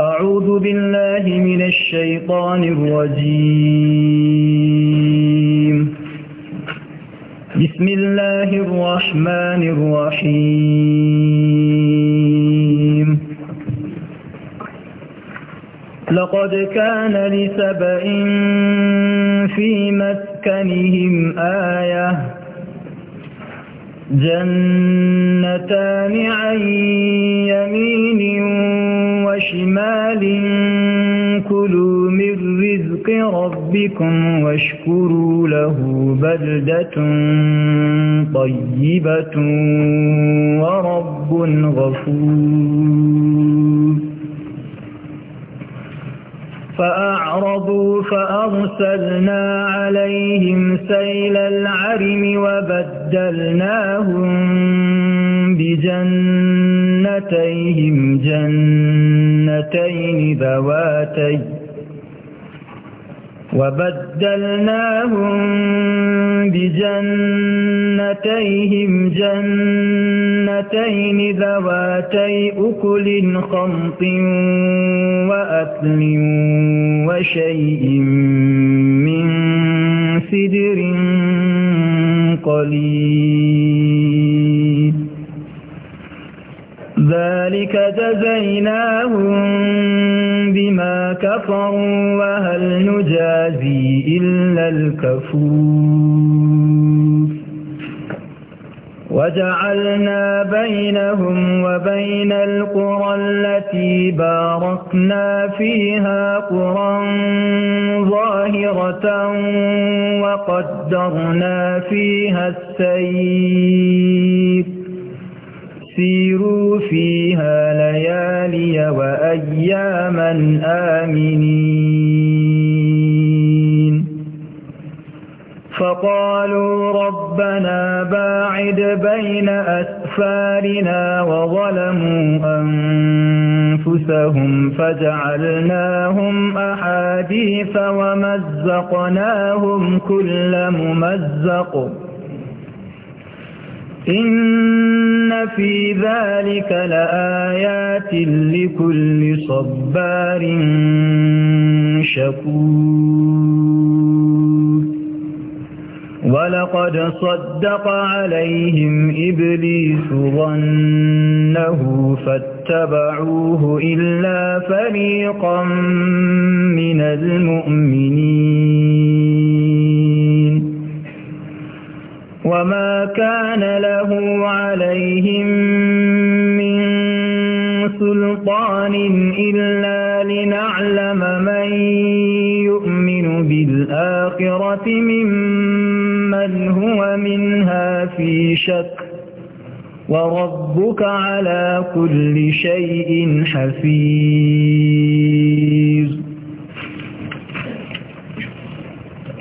أعوذ بالله من الشيطان الرجيم بسم الله الرحمن الرحيم لقد كان لسبئ في مسكنهم آية جنتان عن يمين وشمال كلوا من رزق ربكم واشكروا له بلدة طيبة ورب غفور فأعرضوا فأرسلنا عليهم سيل العرم وبدلناهم بجنتيهم جنتين ذواتين وبدلناهم بجنتيهم جنتين ذواتي أكل خمط وأثل وشيء من سدر قليل ذلك جزيناهم بما كفروا وهل نجازي إلا الكفور وجعلنا بينهم وبين القرى التي باركنا فيها قرى ظاهرة وقدرنا فيها السير سيروا فيها ليالي وأياما آمنين فقالوا ربنا باعد بين أسفارنا وظلموا أنفسهم فجعلناهم أحاديث ومزقناهم كل ممزق إن في ذلك لآيات لكل صبار شكور ولقد صدق عليهم إبليس ظنه فاتبعوه إلا فريقا من المؤمنين وما كان له عليهم من سلطان إلا لنعلم من يؤمن بالآخرة ممن هو منها في شك وربك على كل شيء حفيظ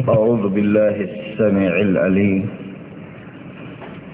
أعوذ بالله السميع العليم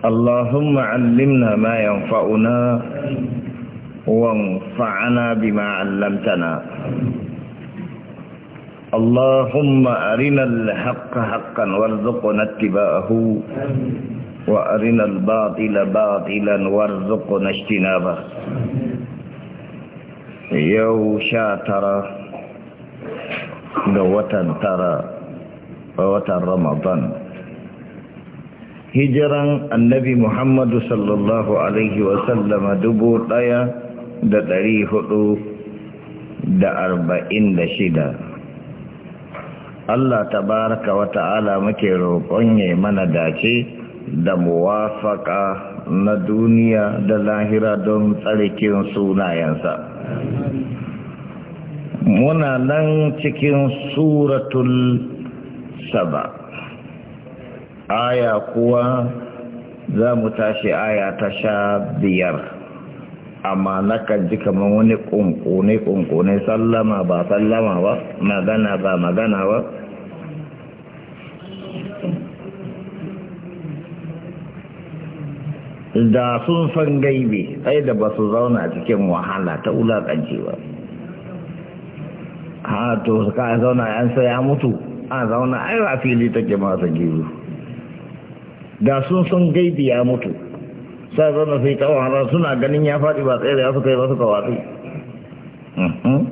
اللهم علمنا ما ينفعنا وانفعنا بما علمتنا اللهم أرنا الحق حقا وارزقنا اتباعه وأرنا الباطل باطلا وارزقنا اجتنابه يو شا ترى قوة ترى قوة رمضان hijiran annabi Muhammadu sallallahu Alaihi wasallama dubu ɗaya da ɗari hudu da arba'in da shida. Allah ta tabaraka wa ta'ala muke roƙon ya mana dace da muwafaka na duniya da lahira don tsarkin sunayensa. Muna nan cikin suratul saba. aya kuwa za mu tashi aya ta sha biyar amma na kan ji kamar wani ƙunƙune-ƙunƙune sallama ba sallama ba magana ba magana ba da sun san gaibe ai da ba su zauna cikin wahala ta wulaƙanci ba ha to ka zauna yan sai ya mutu a zauna ai rafili fili take masa gizo da sun sun gaibi ya mutu sai zama sai suna ganin ya faɗi ba tsaye da ya suka yi ba suka mhm.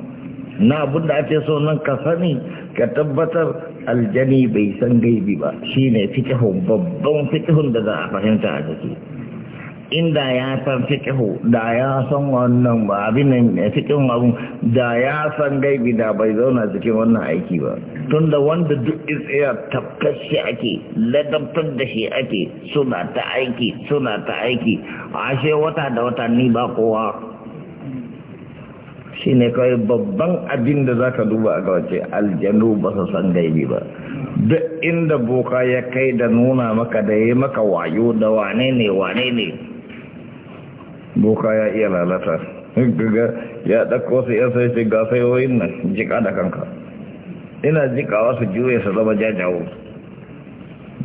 na abin da ake so nan ka sani ka tabbatar aljani bai san gaibi ba shine fikihun babban fikihun da za a fahimta a jiki inda ya san fiƙihu, da ya san wannan ba abin nan fikihun abu da ya san gaibi da bai zauna cikin wannan aiki ba tunda wanda duk tsaya tabbatar shi ake ladabtar da shi ake suna ta aiki suna ta aiki ashe wata da wata ni ba kowa shi ne kawai babban abin da za ka duba a kawace aljanu ba su san gaibi ba duk inda boka ya kai da nuna maka da ya maka wayo da wane ne wane ne boka ya iya lalata gaga ya ɗakko su ya sai ce ga sayoyin nan jika da kanka ina jikawa su juye su zama jajawo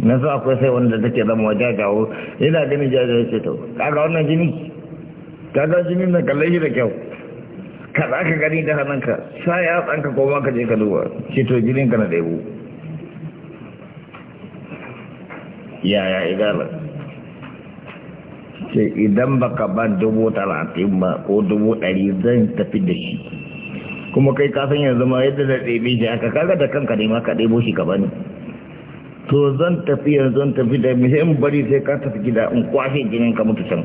na su akwai sai wanda take zama jajawo ina ganin jajawo ce to kaga wannan jini kaga jini na kallon shi da kyau ka za ka gani da hannunka sa ya tsanka ko ma ka je ka duba shi to jinin ka na ɗaibu yaya igalar ce idan baka ban dubu talatin ba ko dubu ɗari zan tafi da shi kuma kai san yanzu ma yadda da ɗebe shi aka kaga da kanka ne ma ka ɗebo shi ka bani to zan tafi yanzu zan tafi da mi bari sai ka tafi gida in kwashe jinin ka mutu can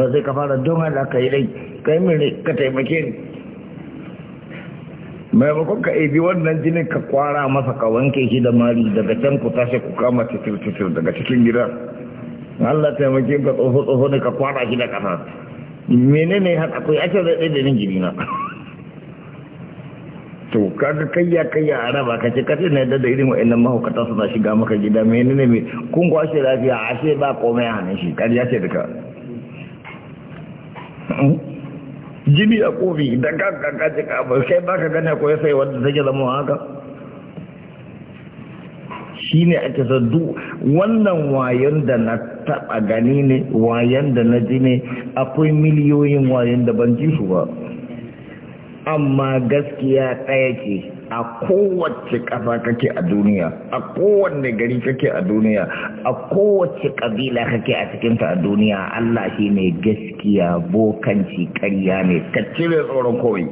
ba sai ka fara don hada ka yi rai kai min rai ka taimake ni maimakon ka ebi wannan jinin ka kwara masa ka wanke shi da mari daga can ku tashi ku kama titir titir daga cikin gida Allah taimake ka tsoho tsoho ne ka kwana, shi da kasa menene haka akwai ake zai ɗaya da nan gini na to kaga kayya kayya a raba kace kace na yadda da irin wa'annan mahaukata suna shiga maka gida menene mai kun kwashe lafiya ce ba komai a hannun shi kariya ce duka gini hmm? a kofi da ka ka bai ka ba ka gane ko sai wanda take zama haka shi ne ake duk wannan wayan da na taɓa gani ne wayan da na ji ne akwai miliyoyin wayan da ban ji su ba amma gaskiya ɗaya ce a kowace ƙasa kake a duniya a kowanne gari kake a duniya a kowace ƙabila kake a cikinta a duniya Allah shi ne gaskiya bokanci karya ne ka cire tsoron kowai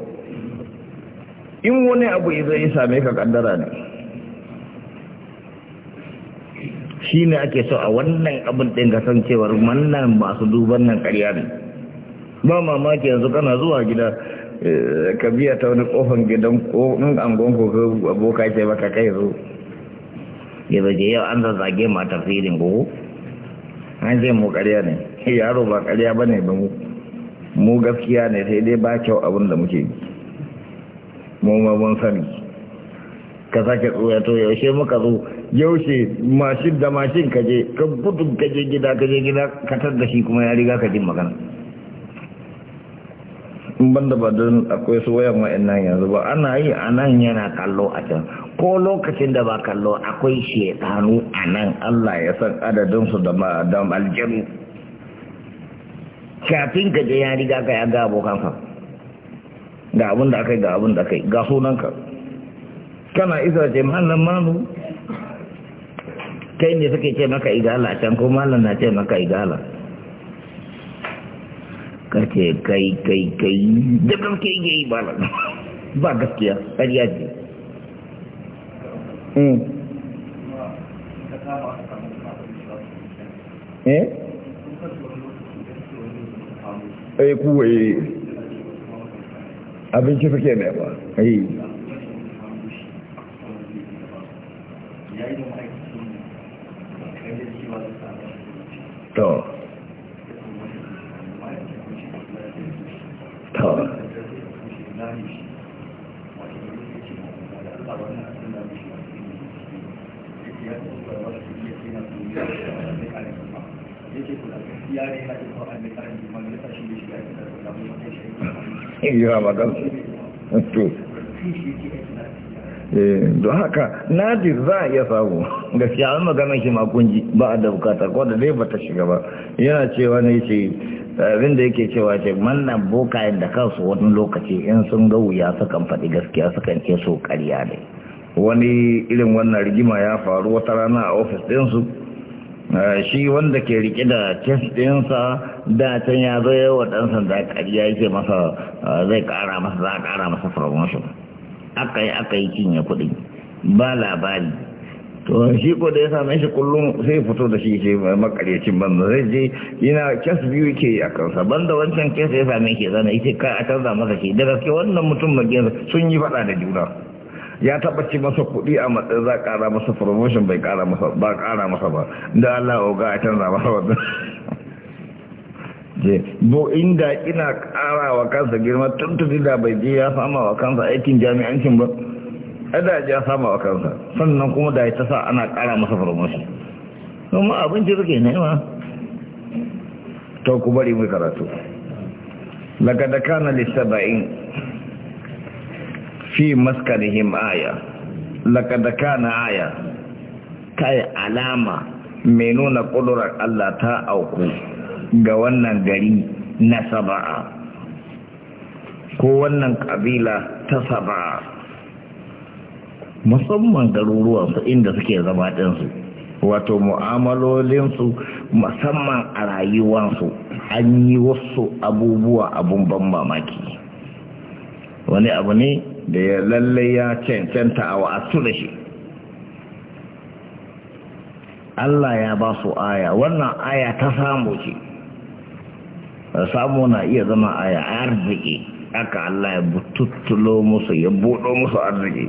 in wani abu zai same ka kaddara ne shi ne ake so a wannan abin ɗin ga san cewar wannan masu duban nan ƙarya ne ba mamaki yanzu kana zuwa gida eh, ka biya ta wani kofan gidan ko in angon ko ka aboka ce baka kai zo ya zaje yau an zazzage mata filin ko an ce mu ƙarya ne yaro ba ƙarya ba ne ba mu mu gaskiya ne sai dai ba kyau abin da muke mu ma mun sani ka sake tsoya to yaushe muka zo yaushe mashin da mashin ka je ka gudun ka je gida ka je gida ka tar da shi kuma ya riga ka jin magana in banda ba don akwai su wayan nan yanzu ba ana yi a nan yana kallo a can ko lokacin da ba kallo akwai shekaru a nan allah ya san adadinsu da aljanu kafin ka je ya riga ka ya ga abokansa ga abin da aka yi ga abin da aka yi ga sunanka kana isa ce mallam manu kai ne suke ce maka igala can ko malam na ce maka igala ka kai kai kai da kake yi ba ba gaskiya ƙarya ce hmm. eh eh kuwa eh. abinci suke ne ba eh jira magan eh, don haka nadir za a iya samu gaskiya an magana shi makunji ba a da bukatar ko da dai ba ta shiga ba yana cewa ne ce abin da yake cewa ce manna bokayen da kansu wani lokaci in sun ga wuya sukan faɗi gaskiya sukan ce so ƙarya ne wani irin wannan rigima ya faru wata rana a ofis ɗinsu Ah, shi wanda ke rike da kes ɗinsa da can ya zo ya wa ɗan sanda ƙarya yake masa ah, zai ƙara masa za a ƙara masa promotion aka yi aka yi cinye kuɗi ba labari to shi ko da ya same shi kullum sai fito da shi ke makaryacin banda zai je yana kes biyu ke a kansa banda wancan kes ya same shi zana ita ka a canza masa shi da gaske wannan mutum magiyar sun yi faɗa da juna ya tabbaci ci masa kuɗi a matsayin za a ƙara masa promotion bai ƙara masa ba ƙara masa ba da Allah oga a canza masa wannan je bo inda ina ƙara wa kansa girma tuntuni da bai je ya sama wa kansa aikin jami'ancin ba ada ya sama wa kansa sannan kuma da ya ta sa ana ƙara masa promotion kuma abinci suke ma. to ku bari mu karatu laqad kana lisaba'in fi maskanihim aya laqad kana aya kai alama mai nuna kudurar Allah ta auku ga wannan gari na saba'a ko wannan ƙabila ta saba'a musamman garuruwansu inda suke zama ɗinsu wato mu'amalolinsu musamman a rayuwansu an yi wasu abubuwa abun ban mamaki wani abu ne da ya lallai ya cancanta a wasu da shi Allah ya ba su aya wannan aya ta samu ce samu na iya zama aya arziki aka Allah ya bututtulo musu ya buɗo musu arziki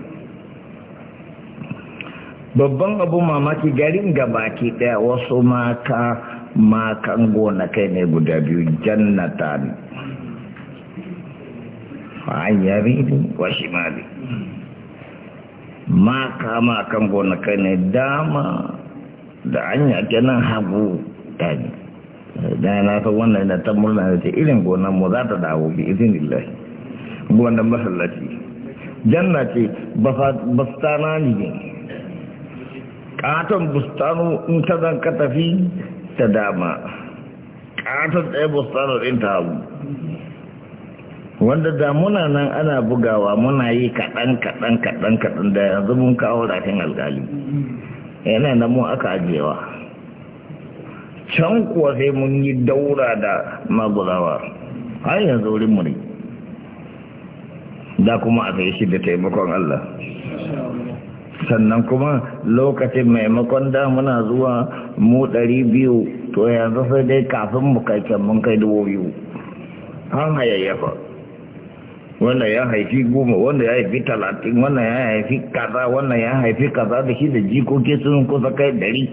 babban abu mamaki garin baki ɗaya wasu maka makan kai ne guda biyu jannata an yamini wa shimali ma kama kan gonakai ne dama da an yake nan hagu dani da na ta wannan da ta murna da ta irin gonan mu za ta dawo bi izin lillahi gonan masallaci janna ce tana ne katon bustano in ta zan ka tafi ta dama katon ɗaya bustano ɗin ta hagu wanda da muna nan ana bugawa muna yi kaɗan kaɗan kaɗan kaɗan da yanzu mun kawo rafin alkali yana nan mu aka ajiyewa can kuwa sai mun yi daura da magulawa, har yanzu wurin mu ne da kuma a sai shi da taimakon Allah sannan kuma lokacin maimakon da muna zuwa mu ɗari biyu to yanzu sai dai kafin mu kai can mun kai dubu biyu an hayayyafa wannan ya haifi goma wannan ya haifi talatin wannan ya haifi kaza wannan ya haifi kaza da shi da jikoki sun kusa kai dari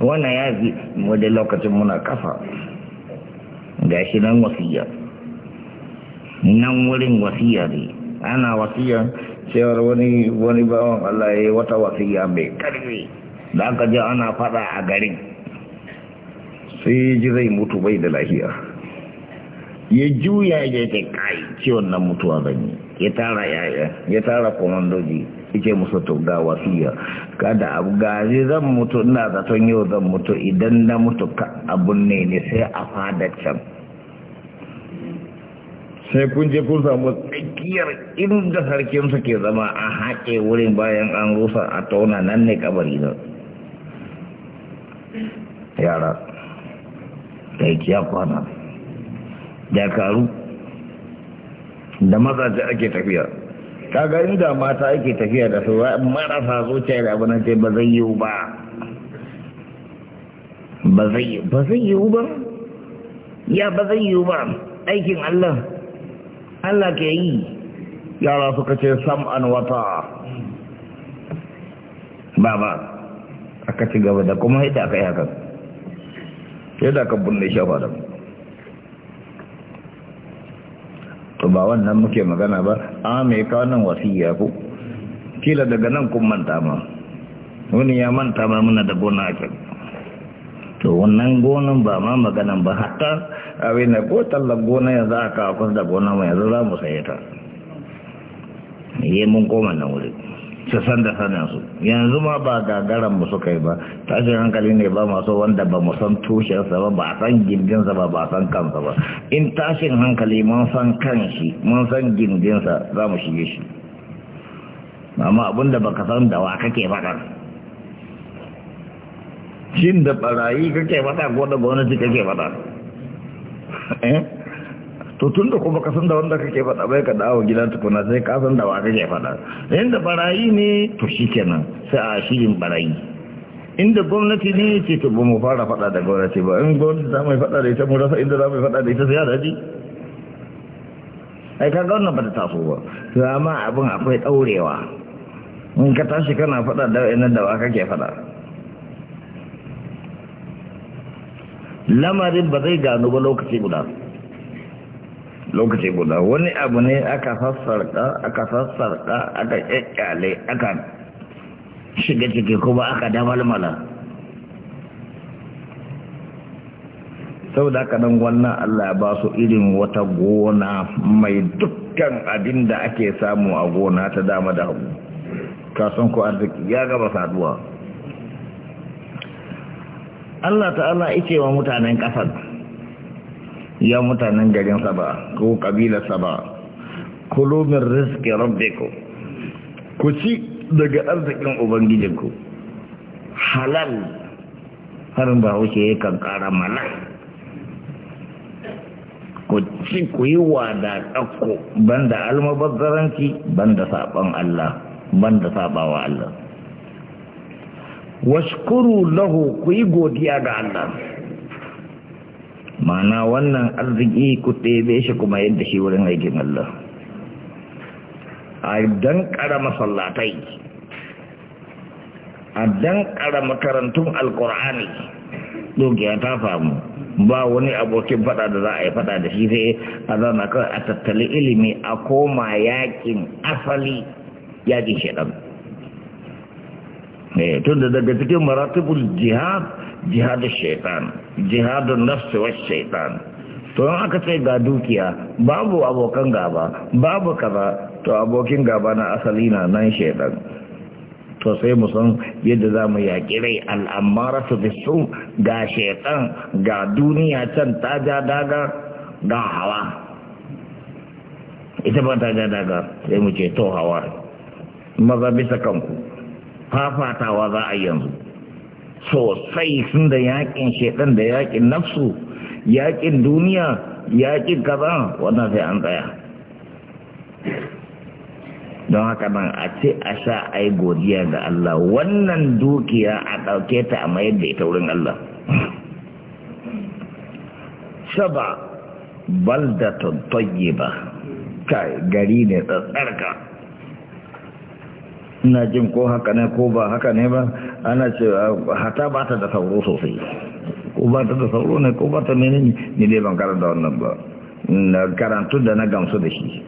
wannan ya haifi wadda lokacin muna kafa ga shi nan wasiya nan wurin wasiya ne ana wasiya cewar wani wani bawan Allah ya yi wata wasiya mai karfi da aka ji ana fada a garin sai ji zai mutu bai da lahiya ya juya ya ce kai ciwon nan mutuwa zan yi ya tara yaya ya tara komandoji ike musu to ga wasiya kada abu gaji zan mutu ina zaton yau zan mutu idan na mutu ka abun ne ne sai a fada can sai kun je kun samu tsakiyar inda sarkin su ke zama a haƙe wurin bayan an rusa a tauna nan ne kabari na yara da ya kwana dakaru da mazaje ake tafiya Ka ga da mata ake tafiya da su marasa zuciya da abu nan ce ba zai yiwu ba ba zai yiwu ba ya ba zai yiwu ba aikin Allah Allah ke yi yara suka ce an wata ba ba aka ci gaba da kuma haita aka yi hakan sai da aka bunne shafa da mu ba wannan muke magana ba a mai kawanan wasiya ko kila daga nan kun manta ma wani ya manta ma muna da gona a to wannan gonan ba ma maganan ba hatta abin da ko tallan gona a kawo kusa da gona mai yanzu za mu saye ta yi mun koma na wuri su san da sanin su yanzu ma ba gagaran mu suka yi ba tashin hankali ne ba masu wanda ba mu san tushensa ba ba san gindinsa ba ba san kansa ba in tashin hankali mun san kanshi mun san gindinsa za mu shige shi amma abinda baka san da wa kake faɗar, shin da barayi kake faɗa ko da gwamnati kake faɗa eh to tun da kuma kasan da wanda kake faɗa bai ka dawo gida tukuna sai kasan da ba kake faɗa inda barayi ne to shi kenan sai a shirin barayi inda gwamnati ne ce to mu fara faɗa da gwamnati ba in gwamnati za mu yi faɗa da ita mu rasa inda za mu yi faɗa da ita sai ya daji ai ka ga wannan ba ta taso ba to amma abin akwai daurewa in ka tashi kana faɗa da wa'annan da ba kake faɗa lamarin ba zai gano ba lokaci guda lokaci guda wani abu ne aka sassarka aka sassarka aka kyakkyale aka shiga ciki kuma aka damalmala sau da aka wannan Allah ba su irin wata gona mai dukkan abin da ake samu a gona ta dama da hagu kasan ku arziki ya gaba saduwa Allah ta'ala ike wa mutanen ƙasar. ya mutanen garin saba ko kabilar saba kulu min rizqi rabbikum ku ci daga arzikin ubangijinku halal harin ba wuce yakan kara mana ku ci ku yi wada ɗakko banda almubazzaranci banda saɓon Allah banda saɓawa Allah washkuru lahu ku yi godiya ga Allah mana wannan arziki ku ɗebe shi kuma yadda shi wurin aikin Allah a dan sallatai a dan karantun alƙur'ani dogiya ta famu ba wani abokin fada da za a yi fada da shi sai a zana kan a tattali ilimi a koma yakin asali yakin shaɗan ne eh, tun da daga cikin maratibul jihad jihadun shaitan jihadun nafsi wa shaitan to aka ce ga dukiya babu abokan gaba babu kaza to abokin gaba na asali na nan shaitan to sai mu san yadda za mu yaƙi rai al'amara su fi su ga shaitan ga duniya can ta ja daga ga hawa ita ba ta ja daga sai mu ce to hawa maza bisa kanku fafatawa za a yanzu sosai sun da yakin shaidan da yakin nafsu yakin duniya yakin kaza wannan sai an tsaya don haka nan a ce a sha a yi godiya ga Allah wannan dukiya a ɗauke ta a mayar da ita wurin Allah saba baldatun tayyiba kai gari ne tsarka ina jin ko haka ne ko ba haka ne ba ana ce ah, hata ba ta da sauro sosai ko ba ta da sauro ne ko ba ta ne ni dai ban karanta wannan ba na karantu da na gamsu da shi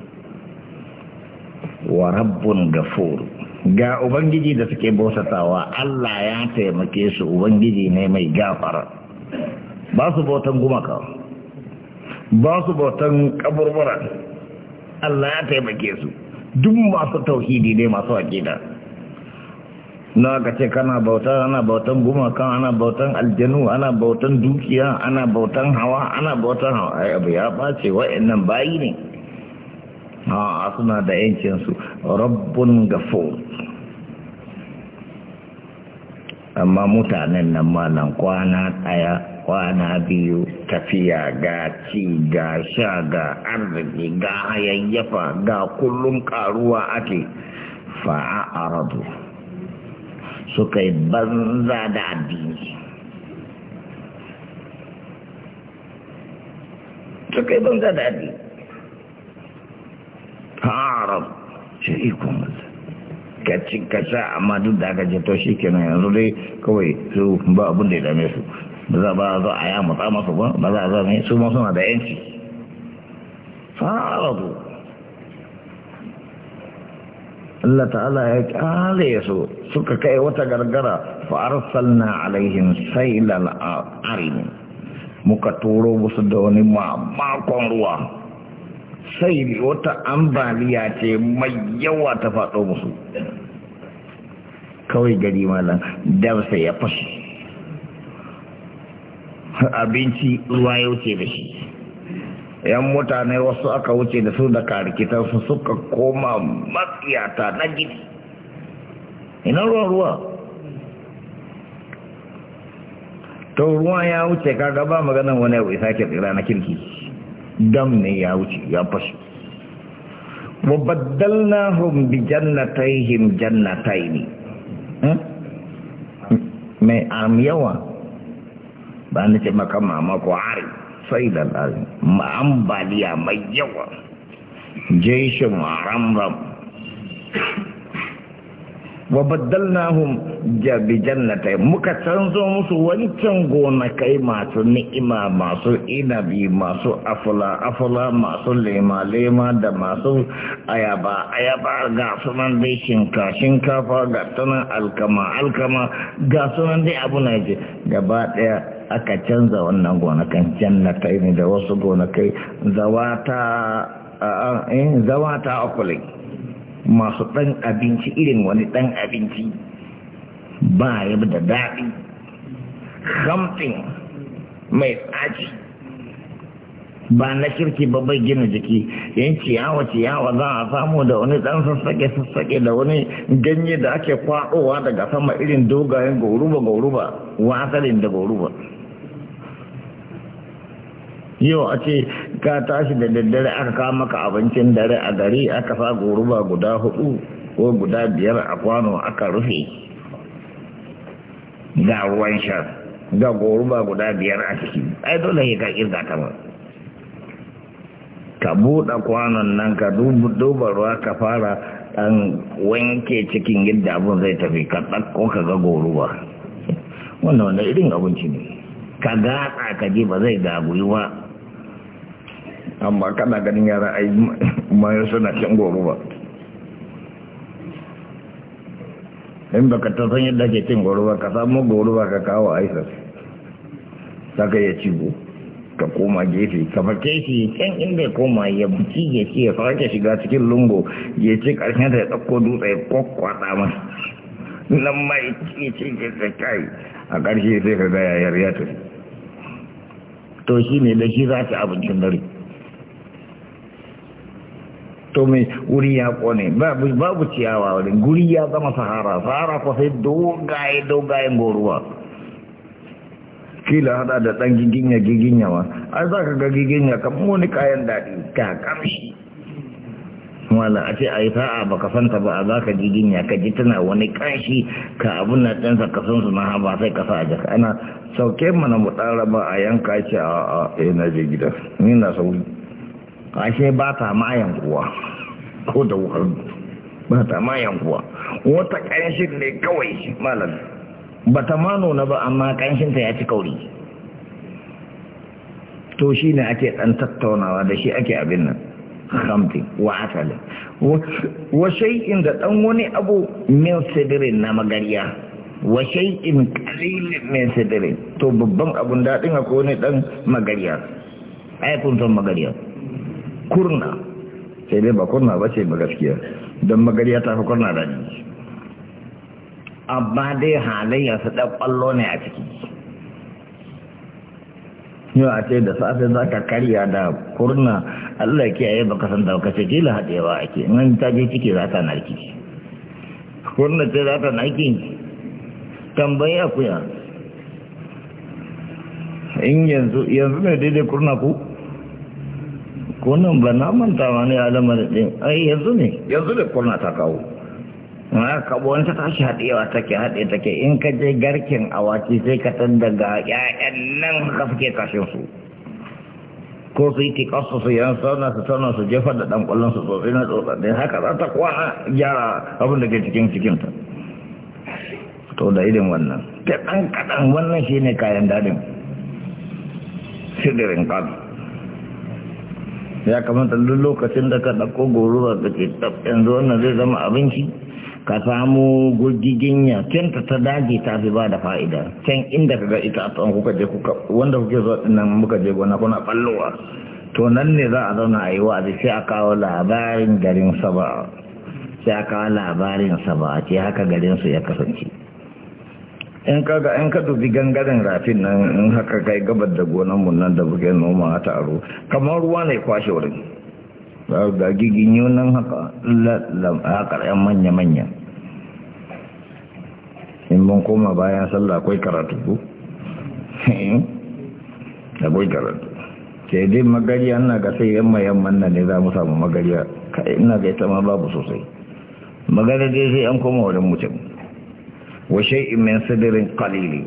wa rabbun gafur ga ubangiji da suke bautatawa Allah ya taimake su ubangiji ne mai gafara ba su bautan gumaka ba su bautan kaburbura Allah ya taimake su duk masu tauhidi dai masu aƙida na ka ce kana bauta ana bautan gumaka ana bautan aljanu ana bautan dukiya ana bautan hawa ana bautan hawa ai abu ya ɓace wa'annan bayi ne a suna da su rabbun gafur amma mutanen nan nan kwana ɗaya kwana biyu tafiya ga ci ga sha ga arziki ga hayayyafa ga kullum karuwa ake fa'a rabu, suka yi banza da addini suka yi banza da addini fa'a aradu shi ikon ka ci ka sha amma duk da aka je shi kenan yanzu dai kawai su ba abin da ya dame su ba za ba za a ya mutsa masu ba ba za a mai su ma suna da yanki fa'aradu Allah ta'ala ya kyale su suka kai wata gargara arsalna alaihim sailal arim muka turo musu da wani makon ruwa sai wata ambaliya ce mai yawa ta faɗo musu kawai gari malam damsa ya fashi abinci ruwa ya wuce da shi yan mutane wasu aka wuce da su da su suka koma matsiyata na gidi ina ruwan ruwa to ruwa ya wuce kaga ba magana wani abu isa ke tsira na kirki dam ne ya wuce ya fashe wabaddalnahum bi jannatayhim ne. Hmm? me am yawa ba ni ce maka mama ko ari sai da lari ambaliya mai yawa jeshin ramram wa baddalnahum bi jannatai muka canzo musu wancan gonakai masu ni'ima masu inabi masu afula afula masu lema lema da masu ayaba ayaba ga sunan dai shinka shinkafa ga tunan alkama alkama ga sunan dai abu na gaba daya aka canza wannan gonakan jannatai ne da wasu gonakai zawata akulai eh, masu ɗan abinci irin wani ɗan abinci ba ya da daɗi hamsin mai tsaji ba na kirki ba bai gina jiki yin ciyawa ciyawa za a samu da wani ɗan sassaƙe sassaƙe da wani ganye da ake kwaɗowa daga sama irin dogayen goruba goruba wasarin da goruba yau a ce ka tashi da daddare aka kawo maka abincin dare a gari aka sa goruba guda hudu ko guda biyar a kwano aka rufe ga ruwan sha ga goruba guda biyar a ciki ai dole ne ka kirga ta ba ka buɗe kwanon nan ka duba ruwa ka fara ɗan wanke cikin yadda abin zai tafi ka ɗakko ka ga goruba wannan wanda irin abinci ne ka gaɗa ka ji ba zai gaguyi ba amma kana ganin yara ai mayar suna cin goro ba in baka ta san yadda ke cin goro ba ka samu goro ba ka kawo aisas saka ya cigo ka koma gefe ka fake shi can inda ya koma ya buci ya ce ya sake shiga cikin lungo ya ce karshen ta ya ɗauko dutse ya kwakwata mai nan mai ya ce ya ce kai a ƙarshe sai ka gaya yayar ya tafi to shi ne da shi za ta abincin dare to mai wuri ya kone babu ciyawa wurin guri ya zama sahara sahara ko sai dogaye dogaye goruwa kila hada da dan giginya giginya ma ai za ka ga giginya ka wani kayan daɗi ka kamshi wala a ce a yi sa'a ba ka santa ba a za ka giginya ka ji tana wani kanshi ka abin na ɗansa ka san su na haba sai ka sa a jaka ana sauke mana mu ɗan a yanka ce a a eh, na je gida ni na sauri ashe ba ta mayan kuwa ko da wuhar ba ta mayan kuwa wata ƙanshin ne kawai malam ba ta ma nuna ba amma ƙanshinta ya ci kauri to shi ne ake ɗan tattaunawa da shi ake abin nan hamdi wa asali wa shay'in da ɗan wani abu min sidirin na magariya wa shay'in qalilin min sidirin to babban abun daɗin ko ne ɗan magariya ai kun san magariya kurna sai dai ba kurna ba ce ba gaskiya don magariya ta fi kurna da ni amma dai halayya su ɗan ƙwallo ne a ciki yau a ce da safe za ka karya da kurna allah ke ayi baka san dauka jila haɗewa ake nan ta je ciki za ta narki kurna ce za ta narki tambayi akuya in yanzu yanzu ne daidai kurna ku wannan ba na mantawa ne a da ɗin ai yanzu ne yanzu da kuna ta kawo na kabo wani ta tashi haɗewa take haɗe take in ka je garkin awaki sai ka tan daga ƴaƴan nan ka suke kashin su ko su yi tikasu su yan sauna su sauna su jefa da ɗan ƙwallon su sosai na tsotsaɗe haka za ta kwana gyara abin da ke cikin cikinta to da irin wannan ta ɗan kaɗan wannan shine kayan daɗin sidirin ƙalu ya kamata duk lokacin da ka ɗauko goruwa da ke yanzu wannan zai zama abinci ka samu gurgigin ya kenta ta dage ta fi ba da fa'ida can inda ka ga ita a kuka je kuka wanda kuke zuwa nan muka je gona kuna ballowa to nan ne za a zauna a yi wa'azi sai a kawo labarin garin saba sai a kawo labarin saba ce haka garin su ya kasance in kaga in ka dubi gangaren rafin nan in haka kai gabar da gonan mu nan da buke noma ta aro kamar ruwa ne kwashe wurin ga giginyo nan haka haka yan manya manya in mun koma bayan sallah akwai karatu ko boy eh? karatu Ke dai magari ana ga sai mayan yamman nan ne za mu samu kai ina ga ita ma babu sosai magana dai sai an koma wurin mutum shay'in min sidrin qalili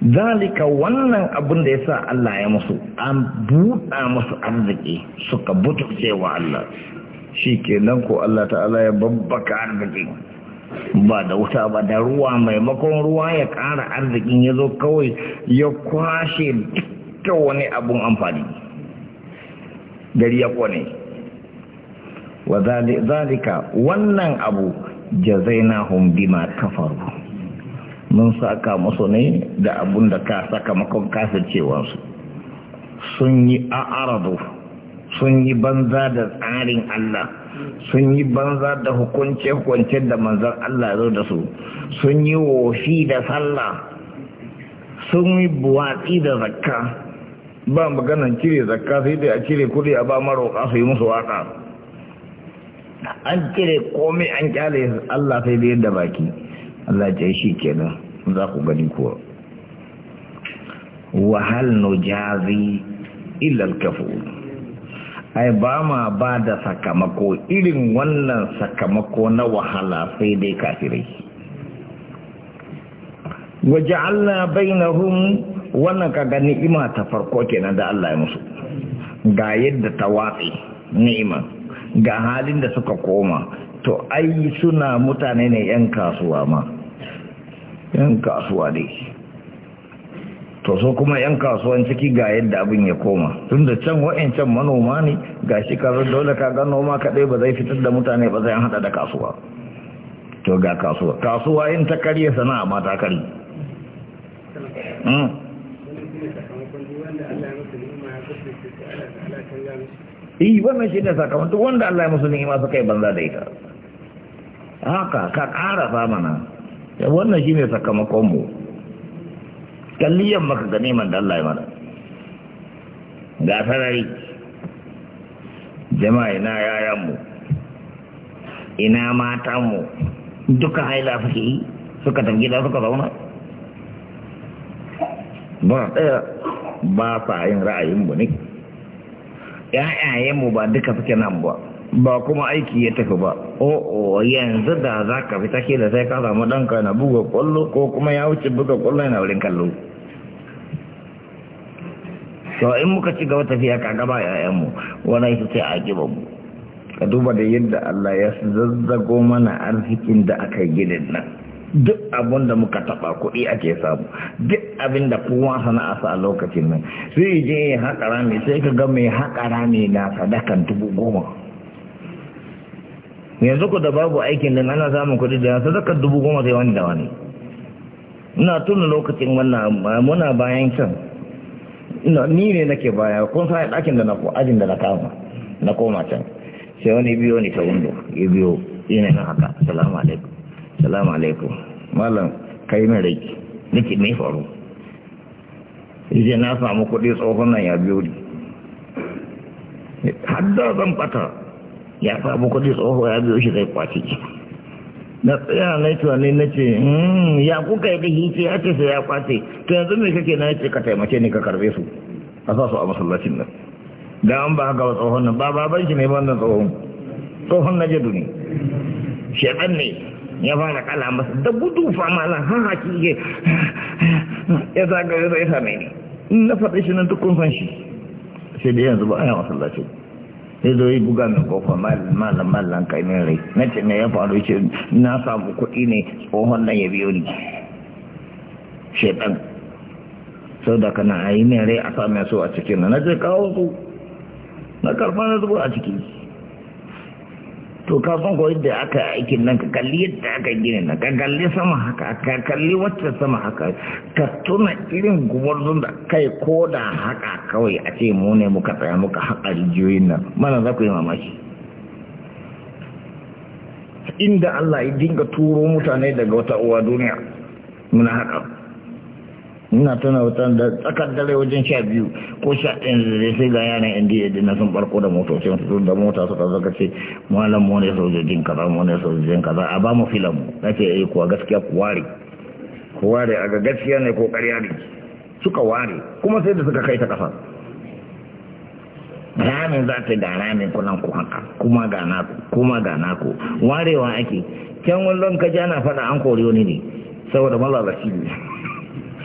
Zalika wannan abun da yasa Allah ya musu an buɗa musu arziki suka butulce cewa Allah Shi shikenan ko Allah ta'ala ya babbaka arziki ba da wuta ba da ruwa maimakon ruwa ya ƙara arzikin ya zo kawai ya kwashe ta wani abun amfani gari ya kone wa zalika wannan abu jazainahum bima kafaru mun saka musu ne da abun da ka sakamakon su. sun yi a'aradu sun yi banza da tsarin Allah sun yi banza da hukunce-hukunce da manzan Allah zo da su sun yi wofi da sallah sun yi buwatsi da zakka ba maganan cire zakka sai dai a cire kudi a ba maroƙa su yi musu waƙa an cire komai an kyale Allah sai biyar da baki Allah ce shi kenan za ku gani kuwa wahal no illa al-kafur ai ba ma ba da sakamako irin wannan sakamako na wahala sai dai kafirai na bainahum wannan kaga ni'ima ta farko kenan da Allah ya musu ga yadda ta watsi ni'ima ga halin da suka koma to ai suna mutane ne 'yan kasuwa ma 'yan kasuwa ne to so kuma 'yan kasuwan ciki ga yadda abin ya koma tun da can wa'ancan manoma ne ga shi karar dole ka ga noma kaɗai ba zai fitar da mutane ba zai haɗa da kasuwa to ga kasuwa kasuwa in ta karye sana'a ma ta karye hmm? yi eh, wannan shi ne sakamakon wanda Allah ya musu ni'ima suka yi banza da ita haka ka ƙara samana wannan shi ne sakamakon mu kalliyan maka ga neman da Allah ya mana ga sarari jama'a ina yayanmu ina matanmu duka haila suke yi suka tafi gida suka zauna ba ɗaya ba sa yin ra'ayinmu ne ‘ya'yayenmu ba duka suke nan ba ba kuma aiki ya tafi ba o'o oh, oh, yanzu da za ka fi take da sai ka samu ɗanka na buga ƙwallo ko kuma ya wuce buga ƙwallo yana wurin kallo to in muka ci gaba tafiya ka gaba ‘ya'yanmu wani ya ce a babu. ka duba da yadda Allah ya zazzago mana arzikin da aka yi gidan nan duk abin da muka taba kuɗi ake samu duk abin da kowa sana'a sa lokacin nan sai je ya haƙa rami sai ka ga mai haƙa rami na sadakan dubu goma yanzu ku da babu aikin nan ana samun kuɗi da sadakan dubu goma sai wani da wani ina tuna lokacin wannan muna bayan can ni ne nake baya kun sa ɗakin da na ajin da na kama na koma can sai wani biyo ni ta wundo ya biyo ina haka salamu alaikum salamu alaikum malam kai min rai nake mai faru ije na samu kuɗi tsohon nan ya biyo ni hadda zan fata ya samu kuɗi tsohon ya biyo shi zai kwace na tsaya na ne na ce hmm, ya kuka yi da hice ya ce sai ya kwace to yanzu me kake na ce ka taimake ni ka karbe su a sa su a masallacin nan da an ba haka ba tsohon nan ba baban shi ne ban da tsohon tsohon na jadu ne shekan ne ya fara kala masa da gudu fama malam ha haki ke ya zagaye zai same ni in na faɗi shi nan duk kun san shi sai da yanzu ba a yi masallaci sai zo yi buga min kofa malam malam kai ne rai na ce ne ya faru ce na samu kuɗi ne tsohon nan ya biyo ni shaitan sau da kana a yi min rai a samu su a cikin na je kawo su na karfa na zuba a ciki to ka san ko yadda aka aikin nan ka kalli yadda aka gina nan ka kalli sama haka ka kalli wacce sama haka ka tuna irin gumurzun da kai ko da haka kawai a ce mu ne muka tsaya muka haƙa rijiyoyin nan mana za ku yi mamaki inda Allah ya dinga turo mutane daga wata uwa duniya muna haka ina tana wutan da tsakar dare wajen sha biyu ko sha ɗin zai sai ga yanar nda din na sun barko da sai su da mota suka zaka ce malam mu ne sojojin kaza mu ne sojojin kaza a ba mu filan mu na ce eh kuwa gaskiya ku ware ku ware a ga gaskiya ne ko ƙarya ne suka ware kuma sai da suka kai ta ƙasa ramin za ta da ne kunan ku haka kuma ga naku kuma ga naku warewa ake can wallon kaji ana faɗa an kori wani ne saboda malalaci ne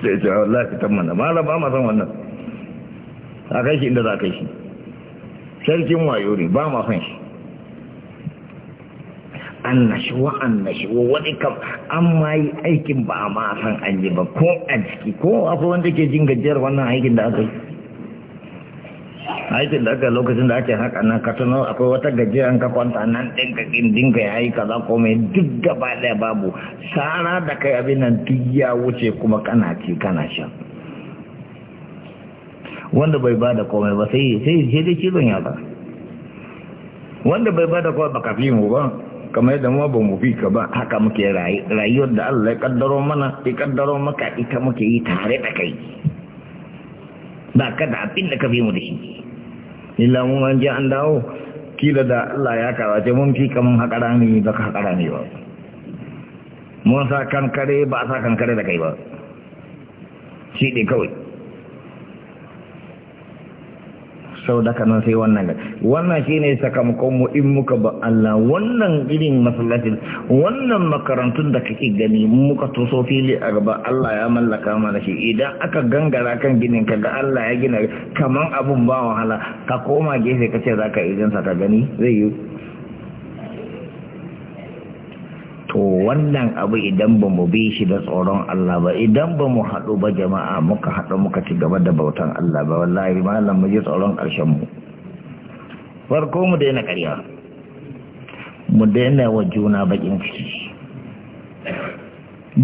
sai ce ah, Allah fitan mana malam ba ma san wannan a kai shi inda za kai shi sarkin wayo ne ba ma san shi wa shi wa wani kam an ma yi aikin ba a ma san an yi ba ko a ciki ko akwai wanda ke jin gajiyar wannan aikin da aka yi aikin da aka lokacin da ake haka nan ka tuno akwai wata gajiyan ka kwanta nan ɗin ka din ka yayi za komai duk gaba ɗaya babu sara da kai abin nan duk ya wuce kuma kana ci kana sha wanda bai ba da komai ba sai sai sai dai cizon ya ba wanda bai ba da komai ba kafi mu ba kamar yadda mu ba mu fi ka ba haka muke rayuwar da Allah ya kaddaro mana ya kaddaro maka ita muke yi tare da kai ba ka da abin da ka fi mu da shi illa mu an je an dawo kila da Allah ya ce mun fi kaman haƙa rami ba ka haƙa rami ba mun sa kankare ba a sa kankare da kai ba shi ne kawai sau da kanan sai wannan wannan shine sakamakon mu in muka ba Allah wannan irin masallacin wannan makarantun da kake gani muka toso fili a gaba Allah ya mallaka mana shi idan aka gangara kan ginin ka ga Allah ya gina kaman abun ba wahala ka koma gefe kace zaka idan sa ka gani zai yi to wannan abu idan ba mu bi shi da tsoron Allah ba idan ba mu haɗu ba jama'a muka haɗu muka ci gaba da bautan Allah ba wallahi malam mu ji tsoron ƙarshen mu farko mu daina ƙarya mu daina wa juna bakin ciki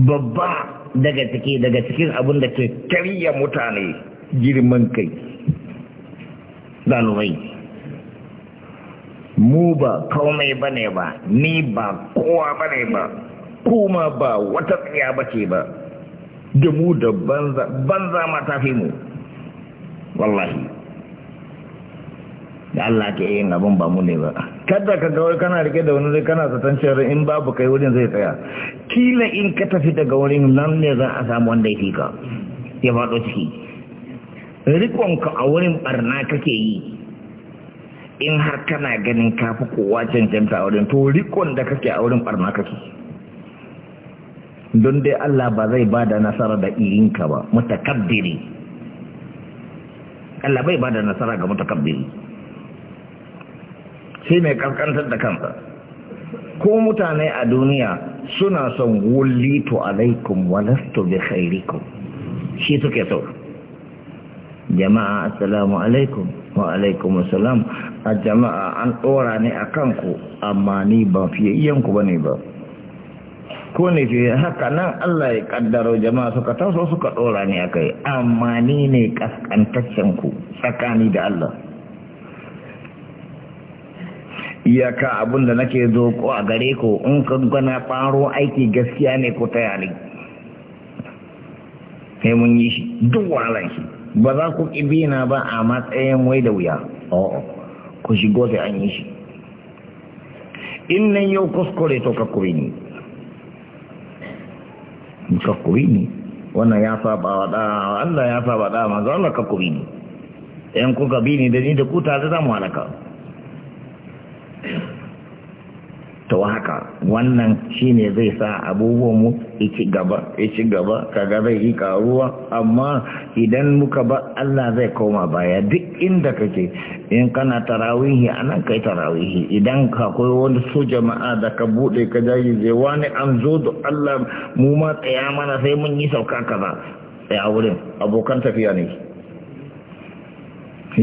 babba daga ciki daga cikin abin da ke karya mutane girman kai ɗalibai mu ba komai ba ne ba ni ba kowa ba ne ba kuma ba wata tsaya ba ce ba da mu da banza ma ta fi mu wallahi da Allah ke yin abin ba mu ne ba kada ka ga kana rike da wani zai kana satan cewar in babu kai wurin zai tsaya kila in ka tafi daga wurin nan ne za a samu wanda ya fi ka ya faɗo ciki rikonka a wurin barna kake yi in har kana ganin kafi kowa cancanta a wurin to rikon da kake a wurin barna kake don dai Allah ba zai ba da nasara da irinka ba mutakabbiri Allah bai ba da nasara ga mutakabbiri sai mai kankantar da kansa ko mutane a duniya suna son to alaikum lastu bi khairikum shi suke so jama'a assalamu alaikum wa salam a ah, jama'a an ɗora ne a kanku amma ni ba fiye iyanku ba ne ba ko ne fiye haka nan Allah ya kaddaro jama'a suka taso suka ɗora ne a kai amma ni ne ku tsakani da Allah iyaka abin da nake zo ko a gare ku in ka gana faro aiki gaskiya ne ko ta yare sai mun yi shi duk wahalar shi ba za ku na ba a matsayin wai da wuya o'o ku shigo sai an yi shi Inna yau kuskure to ka kuri ni ka kuri ni wannan ya saba wa da Allah ya saba da manzo Allah ka kuri ni in kuka bi ni da ni da ku tare za mu halaka wa haka wannan shine zai sa abubuwan mu ci gaba ci gaba kaga zai yi karuwa amma idan muka ba Allah zai koma baya duk inda kake in kana tarawihi anan kai tarawihi idan ka koyi wani so jama'a da ka bude ka jayi zai wani an zo da Allah mu ma tsaya mana sai mun yi sauka kaza a wurin abokan tafiya ne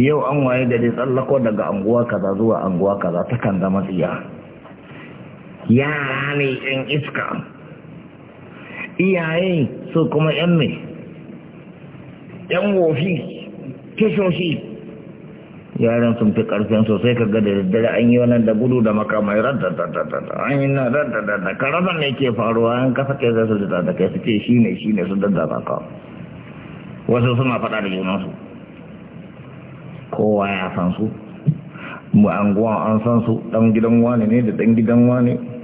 yau an waye gari tsallako daga anguwa kaza zuwa anguwa kaza takan zama tsiya yara ne yan iska iyaye su kuma yan mai yan wofi kishoshi yaran sun fi karfin sosai ka ga da daddare an yi wannan da gudu da makamai ratatatata an yi na ratatatata Karama ne ke faruwa an kasa ke zai su da da kai suke shi ne shi ne su dada ka wasu suna faɗa da junansu kowa ya san su mu anguwa an san su Dan gidan wani ne da dan gidan wani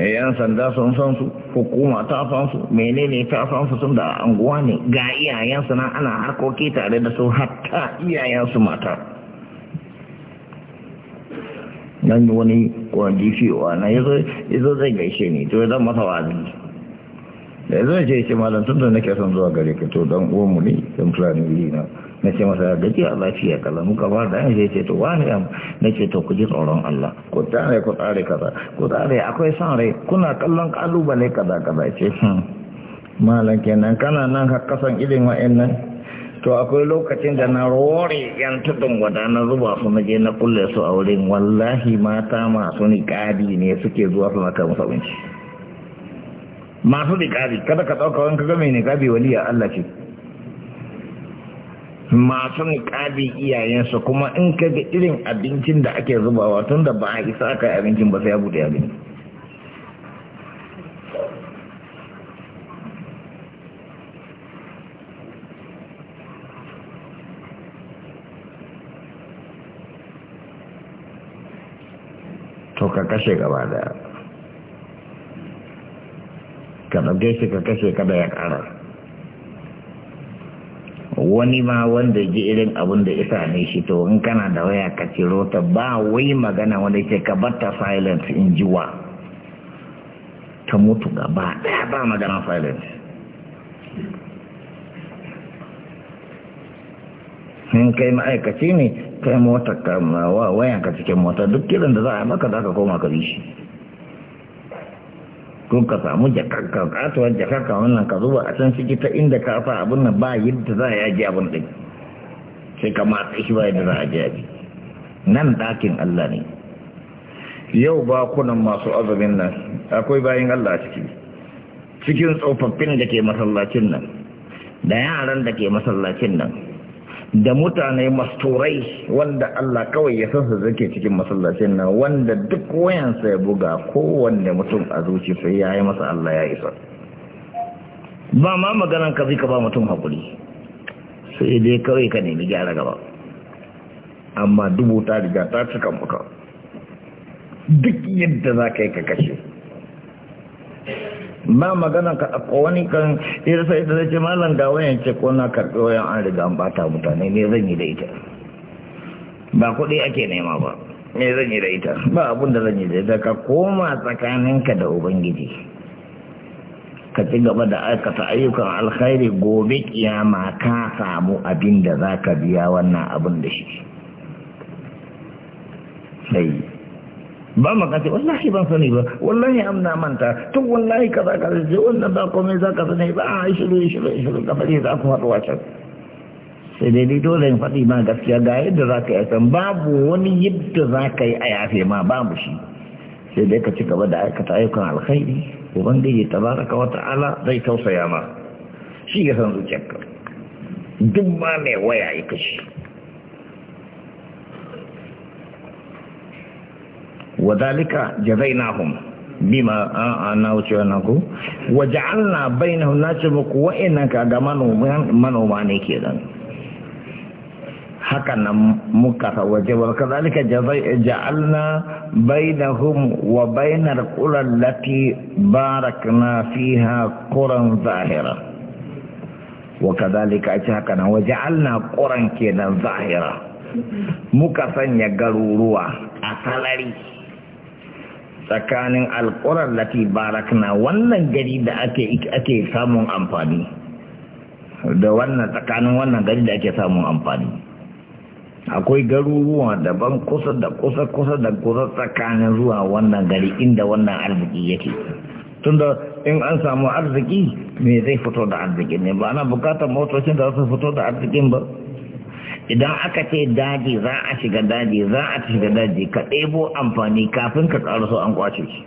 Eh, yan sanda sun san su hukuma ta san su menene ta san su sun anguwa ne ga iyayen su nan ana harkoki tare da su hatta iyayen su mata nan wani kwandifiwa na yazo zai gaishe ni to zan masa wani. da ya zai ce ce malam tun da nake son zuwa gare ka to dan uwanmu ne don fulani wuri na na ce masa gaji a lafiya kala muka ba da ya ce to wani yan na ce to ku ji tsoron Allah ku tsare ku tsare kaza ku tsare akwai san rai kuna kallon kalubale kaza kaza ce hmm, malam kenan kana nan ka kasan irin nan to akwai lokacin da na rore yan tudun wada na zuba su na je na kulle su a wurin wallahi mata masu niƙadi ne suke zuwa su na musu abinci masu riƙabi kada ka ɗauka wani kaga mai niƙabi waliya Allah ce masu niƙabi iyayensu kuma in ka ga irin abincin da ake zubawa tun da ba a isa aka yi abincin ba sai ya buɗe abin to ka kashe gaba da ka ɗauke shi ka kashe kada ya ƙara wani ma wanda ji irin abin da isa ne shi to in kana da waya ka ciro ta ba wai magana wanda ke ka bata silent in ji wa ta mutu gaba ɗaya ba magana silent in kai ma'aikaci ne kai motar ka cikin mota duk kiran da za a maka za ka koma ka bi shi ko ka samu jakarka katuwar jakarka wannan ka zuba a can ciki ta inda ka fa abin nan ba yadda za a yaji abin ɗin sai ka matsa shi ba yadda za a aji. nan ɗakin Allah ne yau bakunan masu azumin nan akwai bayin Allah ciki cikin tsofaffin da ke masallacin nan da yaran da ke masallacin nan da mutane masturai wanda Allah kawai ya san su zake cikin masallacin nan wanda duk wayansa ya buga kowanne mutum a zuci sai ya yi masa Allah ya isa ba ma maganan ka ka ba mutum hakuri sai dai kawai ka nemi gyara gaba amma dubu ta riga ta cika muka duk yadda za ka yi ka kashe ba magana ka ɗauko wani kan irsa ita zai ce malam ga wayan ce ko na karɓi wayan an riga an bata mutane ne zan yi da ita ba kuɗi ake nema ba me zan yi da ita ba abun da zan yi da ita ka koma tsakaninka da ubangiji ka ci gaba da aikata ayyukan alkhairi gobe kiyama ka samu abin da za ka biya wannan abin da shi sai ba ma kace wallahi ban sani ba wallahi amna manta to wallahi kaza kaza sai wannan ba komai za ka sani ba a shiru shiru shiru ka bari za ku haɗu wacan sai dai dole in faɗi ma gaskiya ga yadda za ka yi san babu wani yadda za ka yi a yafe ma babu shi sai dai ka ci gaba da aikata ayyukan alkhairi ubangiji tabaraka wa ta'ala zai tausaya ma shi ya san zuciyarka duk ma mai waya ya kashi wa zalika jazainahum bima na wucewa na ku wa ja'alna bainahum na ce muku wa'annan ga manoma ne ke nan haka nan muka waje wa kazalika ja'alna bainahum wa bainar qura allati barakna fiha quran zahira wa kazalika ce haka nan waje alna quran kenan zahira muka sanya garuruwa a salari tsakanin alƙurar lati barakna wannan gari da ake ake samun amfani da wannan tsakanin wannan gari da ake samun amfani akwai garuruwa daban kusa da kusa kusa da kusa tsakanin zuwa wannan gari inda wannan arziki yake tunda in an samu arziki me zai fito da arziki ne ba ana bukatar motocin da za su fito da arzikin ba idan aka ce daji za a shiga daji za a shiga daji ka ɗebo amfani kafin ka so an kwace shi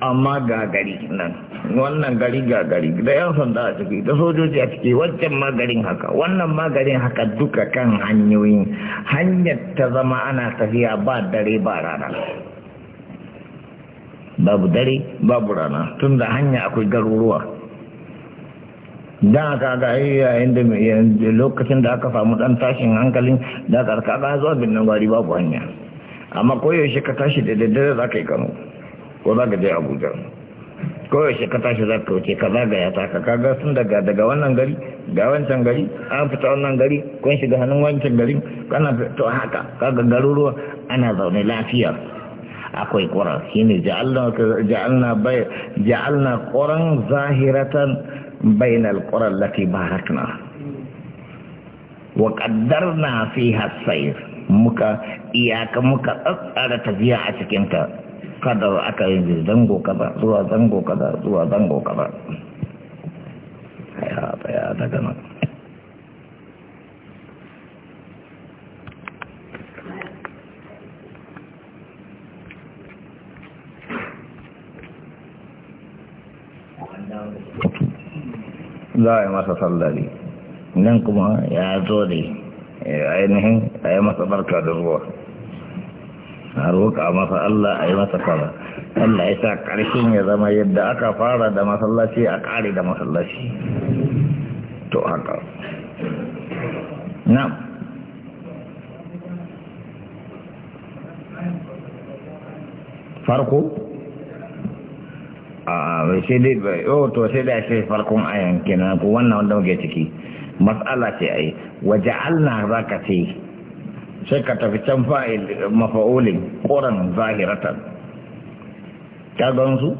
amma ga gari nan wannan gari ga gari da yan sanda a ciki da sojoji a ciki wancan magarin haka wannan magarin haka duka kan hanyoyin hanyar ta zama ana tafiya ba dare ba rana babu dare babu rana tun da hanya akwai garuruwa da aka ga yayin da lokacin da aka samu dan tashin hankalin da ga zuwa binnan gwari babu hanya amma koyaushe ka tashi da daddare za ka yi kano ko za ka je abuja koyaushe ka tashi za ka wuce ka ya ta ka ga sun daga daga wannan gari ga wancan gari an fita wannan gari kun shiga hannun wancan gari kana to haka ka ga garuruwa ana zaune lafiya akwai ƙura shi ja'alna ja'alna bay ja'alna quran zahiratan بين القرى التي باركنا وقدرنا فيها السير مكا إياك مكا أسأل تفيا أتكنت قدر أكا زنغو كذا زوا زنغو كذا زوا زنغو كذا يا يا دغنا Thank you. za a yi masa sallari nan kuma ya zo da ainihin a yi masa barka da zuwa. a roƙa masa Allah a yi masa fara Allah ya sa ƙarshen ya zama yadda aka fara da masallaci a ƙari da masallaci to haka na farko a sai dai oh to sai da shi farkon ayan kenan ko wannan wanda muke ciki mas'ala ce ai waja'alna zaka ce sai ka tafi can fa'il mafa'ulin quran zahiratan ka gansu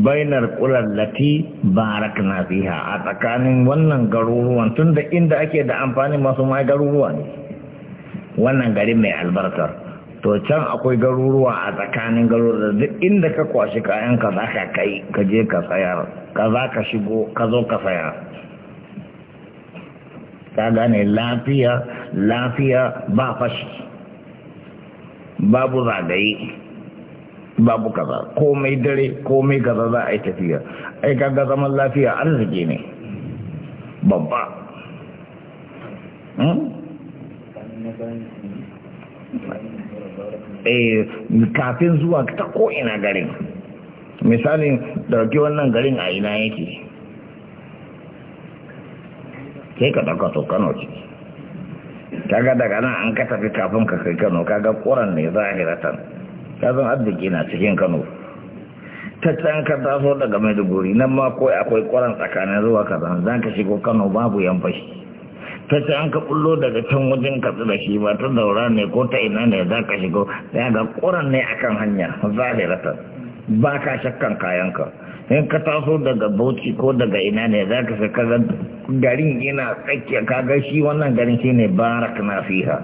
bainar quran lati barakna fiha a tsakanin wannan garuruwan tunda inda ake da amfani masu mai garuruwa ne wannan gari mai albarkar to can akwai garuruwa a tsakanin garuruwa duk inda ka kwashi kayan ka za ka kai ka je ka sayar ka za ka shigo ka zo ka sayar ta gane lafiya lafiya ba fashi babu zagaye babu kaza komai dare komai kaza za a yi tafiya ai kaga zaman lafiya arziki ne babba hmm? Eh, kafin zuwa ta ko'ina garin misalin dauki wannan garin a ina yake sai ka ɗauka to kano ce kaga daga nan an ka tafi kafin ka kai kano kaga ƙoran ne zahiratan kazan arziki na cikin kano ta can ka taso daga maiduguri nan ma kawai akwai ƙoran tsakanin zuwa kazan zan ka shigo kano babu yan fashi ta ce an ka bullo daga can wajen katsi da shi ba ta daura ne ko ta ina ne za ka shigo ya ga ƙoran ne akan hanya zahiratan ba ka shakkan kayanka in ka taso daga bauchi ko daga ina ne za ka saka garin yana tsakiya ga shi wannan garin shi ne barak na fiha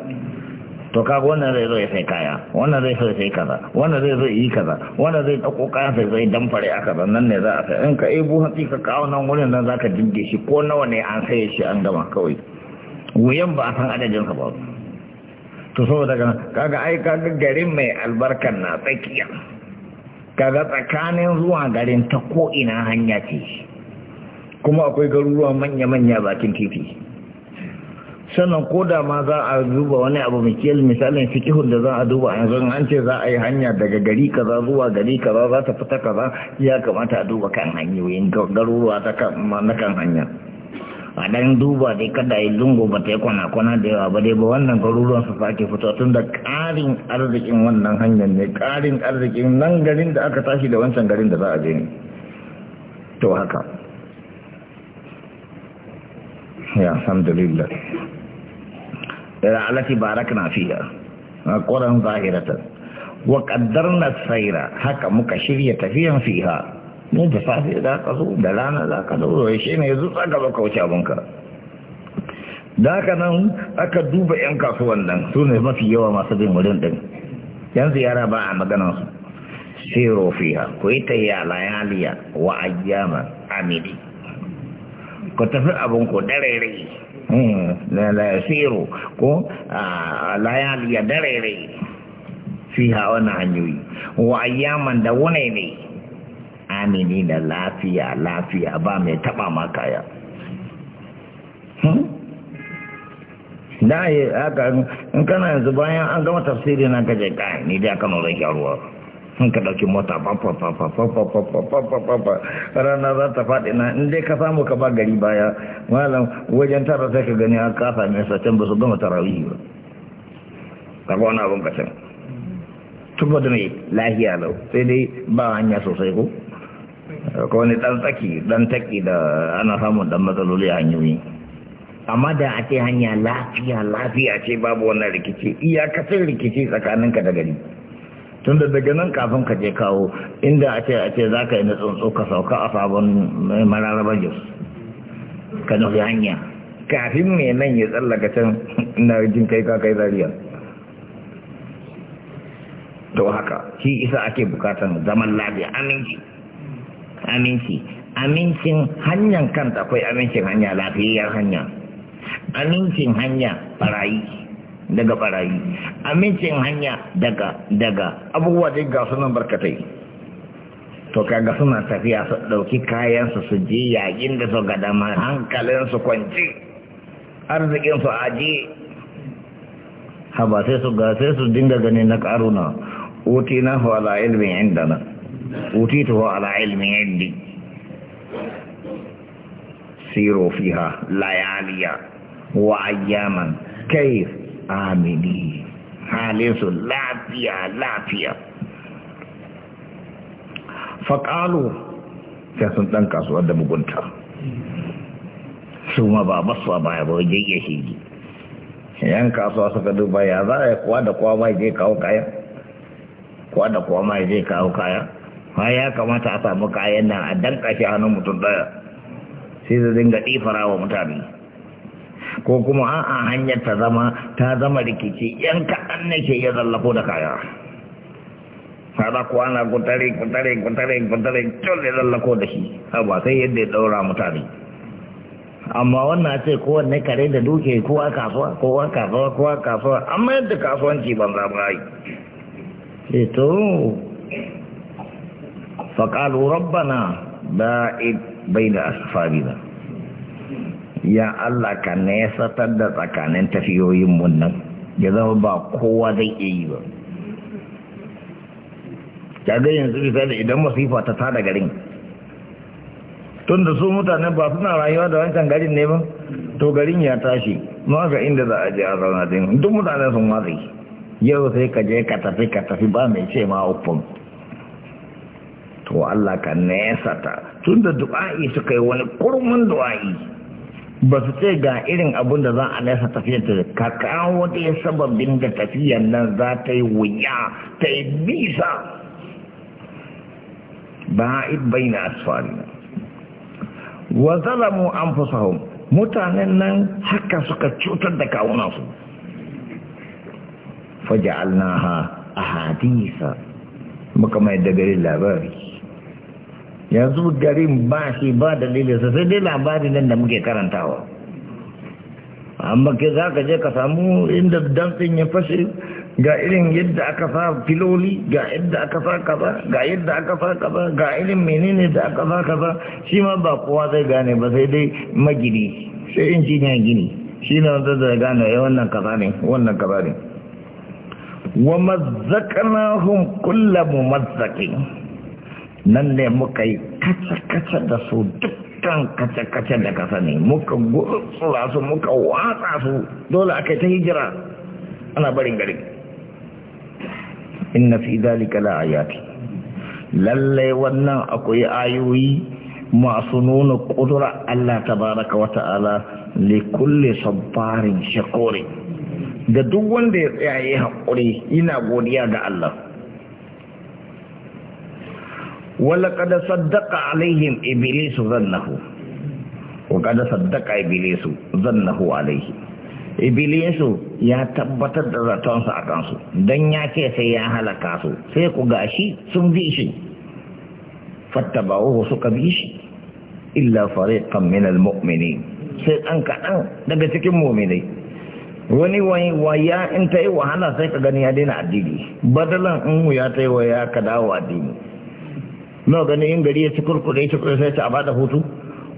to kaga wannan zai zo ya sai kaya wannan zai zo ya sai kaza wannan zai zo ya yi kaza wannan zai ɗauko kayan sai zai fare a kaza nan ne za a sai in ka ebu hatsi ka kawo nan wurin nan za ka jirge shi ko nawa ne an sai shi an gama kawai wuyan ba a san adadinsa ba to saboda kaga ai kaga garin mai albarkar na tsakiya kaga tsakanin zuwa garin ta ko ina hanya ce kuma akwai garuruwa manya-manya bakin titi sannan ko da ma za a duba wani abu mai kiyar misalin fikihun da za a duba yanzu an ce za a yi hanya daga gari kaza zuwa gari kaza za ta fita kaza ya kamata a duba kan hanyoyin garuruwa na kan hanya a dan duba dai kada yi lungu ba ta yi kwana-kwana da yawa ba dai ba wannan garuruwan su sake fito tun da ƙarin arzikin wannan hanyar ne ƙarin arzikin nan garin da aka tashi da wancan garin da za a je ne to haka ya alhamdulillah ila alati barakna fiha quran zahiratan wa na tsaira haka muka shirya tafiyan fiha ne da safe za ka zo da rana za ka ya shi ne zuwa gaba kauce abinka da haka nan aka duba 'yan kasuwan nan su ne mafi yawa masu bin wurin ɗin yan ziyara ba a maganansu Sero fiya ku yi tayya layaliya wa ayyama amidi ku tafi abin ku darere da hmm, siro ko layaliya darere fiya wani hanyoyi wa ayyaman da wane ne amini na lafiya lafiya ba mai taba maka ya in yanzu bayan an gama tafsiri na gaje kayan ni da mota ko wani dan tsaki dan taki da ana samun dan matsaloli a hanyoyi amma da a ce hanya lafiya lafiya ce babu wani rikici iyakacin rikici tsakaninka da gari tunda daga nan kafin ka je kawo inda a ce a ce za ka yi na tsuntsu ka sauka a sabon mai mararraba jos ka nufi hanya kafin mai nan ya tsallaka can na jin kai ka kai zariya to haka shi isa ake bukatan zaman lafiya aminci aminci amincin hanyar kan akwai amincin hanya lafiyar hanya amincin hanya barayi daga barayi amincin hanya daga daga abubuwa dai ga sunan barkatai to kaga suna tafiya su ɗauki kayansu su je yayin da su ma hankalin su kwanci arzikinsu ajiye ha ba sai su ga sai su dinga gani na karuna otina na wala ilmin indana أوتيته على علم عندي سيروا فيها لياليا وأياما كيف آمني حالس لا فيا لا فيا faƙalu كسن تنكسوا ɗan بنتا da mugunta su ma ba basu baya ba yan kasuwa suka duba ya za a kuwa da kuwa mai zai kawo kayan kuwa da kuwa mai zai kawo kayan ma ya kamata a samu kayan nan a danka shi hannun mutum daya sai su dinga ɗifara wa mutane ko kuma a'a hanyar ta zama ta zama rikici yan kaɗan ne ke iya zallafo da kaya sada kuwa ana kutare kutare kutare gutare tun da zallako da shi ba sai yadda ya ɗaura mutane amma wannan ce kowanne kare da duke kowa kasuwa kowa kasuwa kowa kasuwa amma yadda kasuwanci ban zama yi to faƙalu rabbana ba'id bai da asfarina ya Allah ka satar da tsakanin tafiyoyin nan ya zama ba kowa zai iya yi ba kaga yanzu da idan masifa ta tada garin tun da su mutanen ba suna rayuwa da wancan garin ne ba to garin ya tashi ma ga inda za a je a zauna din duk mutanen sun watsi yau sai ka je ka tafi ka tafi ba mai ce ma uffun to Allah ka ta tun da du'a'i suka yi wani kurmin du'a'i ba su ce ga irin abin da za a nesa tafiyar ta ka kawo dai sababin da tafiyar nan za ta yi wuya ta yi bisa ba'id baina asfarina wa zalamu anfusahum mutanen nan haka suka cutar da kawunansu faja'alnaha ahadisa muka mai dagari labari yanzu garin ba shi ba dalilinsa sai dai labari nan da muke karantawa amma ke za ka je ka samu inda dantsin ya fashe ga irin yadda aka fa filoli ga yadda aka fa kaza ga yadda aka fa kaza ga irin menene da aka fa kaza shi ma ba kowa zai gane ba sai dai magini sai in shi ne gini shi ne wanda zai gane ya eh, wannan kaza ne wannan kaza ne wa mazzaqnahum kullu mumazzaqin nan ne muka yi kace-kace da su dukkan kace-kace da kasa ne muka gutsura su muka watsa su dole aka ta hijira ana barin gari inna fi dalika la ayati lalle wannan akwai ayoyi masu nuna kudura Allah Ta baraka wa ta'ala li kulli sabbarin shakori da duk wanda ya tsaye hakuri ina godiya ga Allah wala kada saddaka alaihim iblisu zannahu wa kada saddaka iblisu zannahu alaihi iblisu ya tabbatar da zatonsa a kansu dan ya ce sai ya halaka su sai ku gashi sun bi shi fattabawo suka bi shi illa fariqan min almu'minin sai dan daga cikin mu'minai wani wani waya in tayi wahala sai ka gani ya daina addini badalan in ya ta waya ka dawo addini na gani in gari ya ci kurkure shi sai ta bada hutu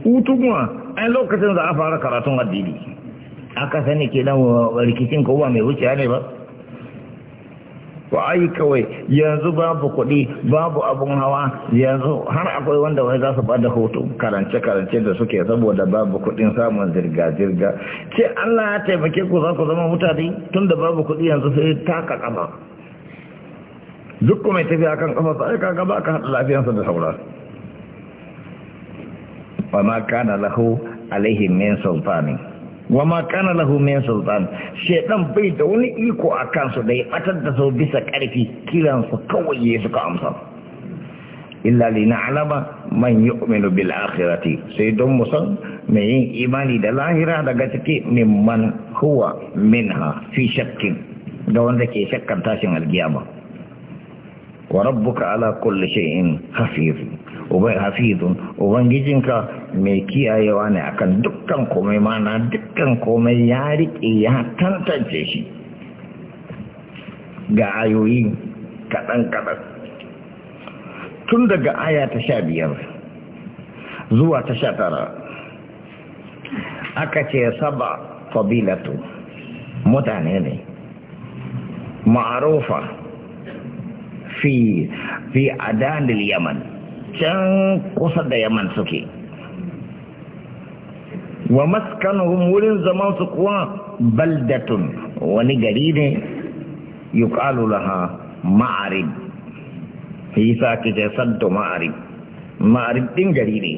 hutu kuma a lokacin da a fara karatun addini aka sani ke nan rikicin kowa mai wuciya ne ba ko ai kawai yanzu babu kuɗi babu abun hawa yanzu har akwai wanda wani za su bada hutu. karance-karance da suke saboda babu kuɗin samun zirga-zirga ce Allah ya taimake ku za ku zama mutane tun da babu kuɗi yanzu sai taka kama duk mai tafiya kan kafa ai kaga ba ka hada lafiyarsa da saura wa ma kana lahu alaihi min sultani wa ma kana lahu min sultani shedan bai da wani iko a kansu da ya batar da su bisa karfi kiransu kawai ya suka amsa illa li na'lama man yu'minu bil akhirati sai don musan mai yin imani da lahira daga ciki mimman huwa minha fi shakkin da wanda ke shakkan tashin alkiyama wa rabbuka ala kulli shay'in hafiz ubai hafizun ubangijinka mai kiyayewa ne akan dukkan komai mana dukkan komai ya riƙe ya tantance shi ga ayoyi kaɗan-kaɗan tun daga aya ta sha biyar zuwa ta sha tara aka ce saba fabilatu mutane ne ma'arufa fi fi adanil yaman can kusa da yaman suke wa maskanuhum wurin zaman su kuwa baldatun wani gari ne yuqalu laha ma'arib fi sa kike saddo ma'arib ma'arib din gari ne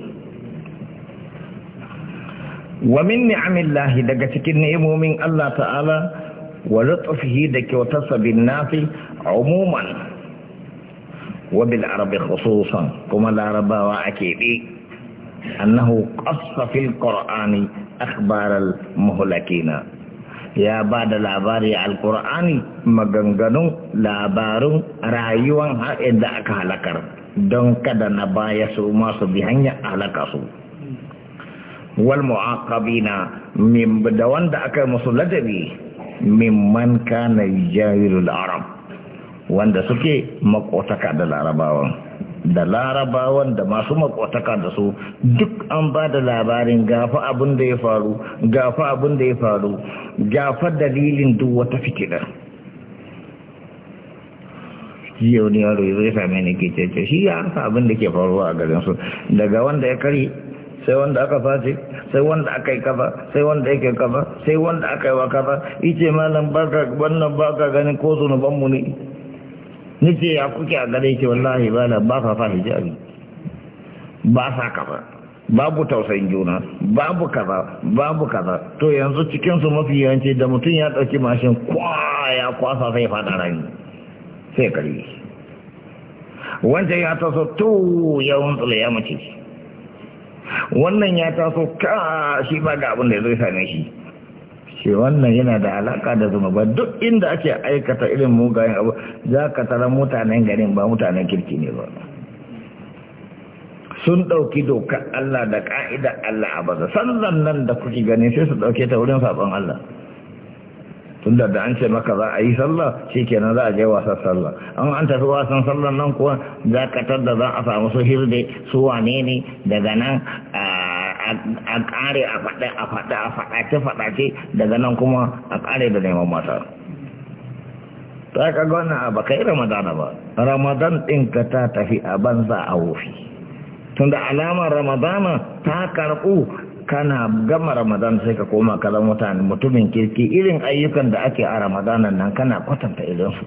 wa min ni'amillahi daga cikin ni'imomin Allah ta'ala wa lutfihi da kyautarsa bin nafi umuman wabil arabi khususan kuma larabawa a keɓe annahu qassa fil qur'ani akhbaral muhlakina ya ba da labari Alƙur'ani maganganun labarun rayuwan haɗin da aka halakar don kada na baya su masu bi hanyar halaka su wal mu'aqabina min da wanda aka musu ladabi mimman kana jahilul arab wanda suke makotaka da larabawan da larabawan da masu makotaka da su duk an ba da labarin gafa abin da ya faru gafa abin da ya faru gafa dalilin duk wata fikida yau ne yaro ya zai same ne ke cece shi ya haka abin da ke faruwa a garin su daga wanda ya kari sai wanda aka fashe sai wanda aka yi kafa sai wanda yake kafa sai wanda aka yi wa kafa ice malam baka wannan baka ganin ko zunubanmu ne nace ya kuke a gare ki wallahi ba na ba sa sa hijabi ba sa kaza babu tausayin juna babu kaza babu kaza to yanzu cikin su mafi yawanci da mutum ya dauki mashin kwa ya kwasa sai fada rani sai kare wancan ya taso to yawan tsula ya mace wannan ya taso ka shi ba ga abin da zai same shi ce wannan yana da alaka da zuma, ba duk inda ake aikata irin mugayen abu za ka tara mutanen garin ba mutanen kirki ne ba sun ɗauki dokar Allah da ƙa'idar Allah a baza sannan nan da kuke gani sai su ɗauke ta wurin saɓon Allah tunda da an ce maka za a yi sallah kenan za a je wasan sallah an an tafi wasan sallah nan kuwa za ka tadda za a samu su hirde su wane ne daga nan a kare a faɗa a faɗa a faɗace faɗace daga nan kuma a kare da neman mata ta ka gwana a baka yi ramadana ba ramadan ɗin ka ta tafi a banza a wofi tunda alamar ramadana ta karɓu kana gama ramadan sai ka koma kalan mutane mutumin kirki irin ayyukan da ake a ramadanan nan kana kwatanta irinsu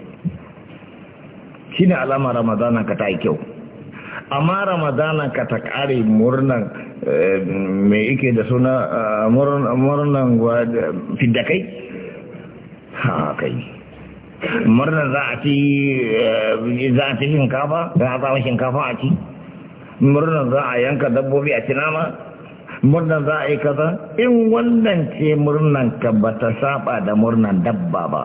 shi ne alama ramadanan ka ta yi kyau amma ramadanan ka ta kare murnan eh, mai ike da suna eh, murnan ha kai murnan za a ci eh, shinkafa za a samu shinkafa a ci murnan za a yanka dabbobi a ci nama murnan za a yi kaza in wannan ce murnan ka ba ta saba da murnan dabba ba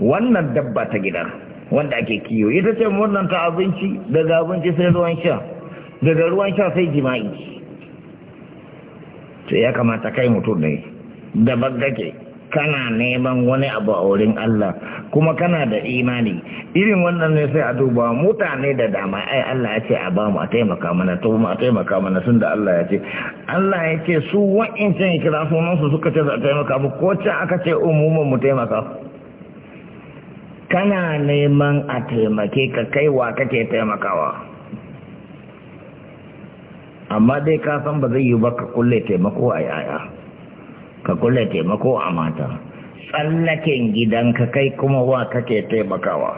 wannan dabba ta gida wanda ake kiyo ita ce murnan ta abinci daga abinci sai ruwan sha daga ruwan sha sai jima'i sai ya kamata kai mutum ne da baggake kana neman wani abu a wurin Allah kuma kana da imani irin wannan ne sai a duba mutane da dama ai Allah ya ce a ba mu a taimaka mana to mu a taimaka mana tun da Allah ya ce Allah ya ce su wa'incan kira sunan su suka ce za a taimaka mu ko ce aka ce umumin oh, mu taimaka kana neman a taimake ka kai wa kake taimakawa amma dai ka san ba zai yi ba ka kulle taimako a yaya ka kula taimako a mata tsallaken ka kai kuma wa kake taimakawa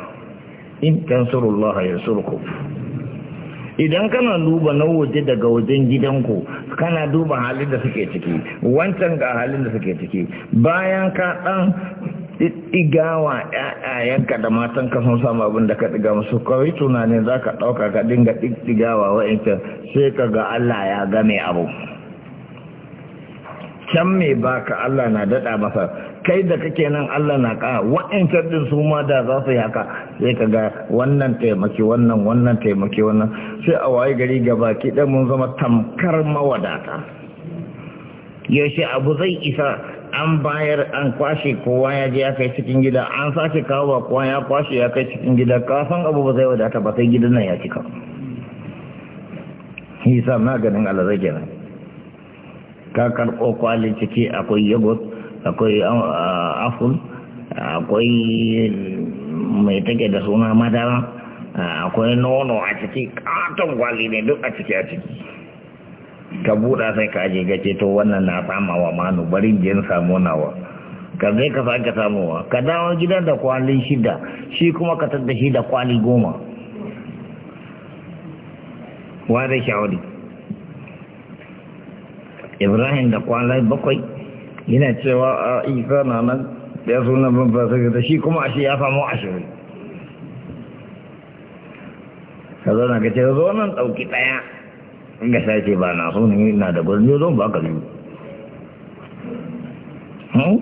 in tansurullah ya surku idan kana duba na waje daga wajen gidanku kana duba halin da suke ciki wancan ga halin da suke ciki bayan ka dan ɗigawa ‘ya'yayenka da matan ka sun samu abin da ka ɗiga musu kawai tunanin za ka ɗauka ka dinga iɗigawa wa'incan sai ka ga Allah ya game abu. can mai baka Allah na daɗa masa kai da kake nan Allah na ka waɗancan din su ma da za su yi haka sai ka ga wannan taimaki wannan wannan taimaki wannan sai a waye gari gaba baki dan mun zama tamkar mawadata yaushe abu zai isa an bayar an kwashe kowa ya je ya kai cikin gida an sake kawo kowa ya kwashe ya kai cikin gida ka san abu ba zai wadata ba sai gidan nan ya cika. Hisa maganin Allah zai kenan. ka karɓo kwalin ciki akwai yogurt akwai aful ah, ah, akwai mai take da suna madara ah, akwai nono a ciki katon kwali ne duk a ciki a ciki ka buɗa sai ka aje gace to wannan na sama wa manu bari jin samu nawa ka zai ka sake samuwa ka dawo gidan da kwali shida shi kuma ka tadda shi da kwali goma wa da shawari ibrahim da kwanai bakwai yana cewa a isa na nan ya suna babba sai da shi kuma ashe ya samu ashirin ka zo na ka ce zo nan ɗauki ɗaya ga sace ba na so ne na da gwazo zon ba ka biyu hmm?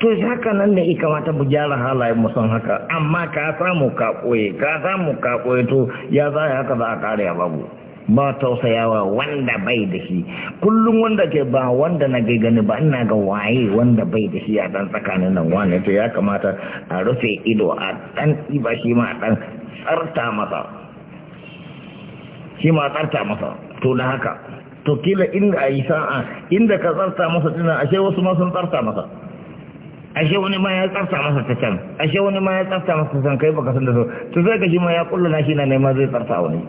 to shi haka nan ne ika mata mu gyara halayen mu haka amma ka samu ka koye ka samu ka koye to ya za haka za a kare ya babu ba tausayawa wanda bai da shi kullum wanda ke ba wanda na gani ba ina ga waye wanda bai da shi a dan tsakanin nan wani to ya kamata a rufe ido a dan ba shi ma dan tsarta masa shi ma tsarta masa to na haka to kila inda a yi sa'a inda ka tsarta masa tuna ashe wasu ma sun tsarta masa ashe wani ma ya tsarta masa ta can ashe wani ma ya tsarta masa ta can kai baka san da so to sai ka shi ma ya na shi na neman zai tsarta wani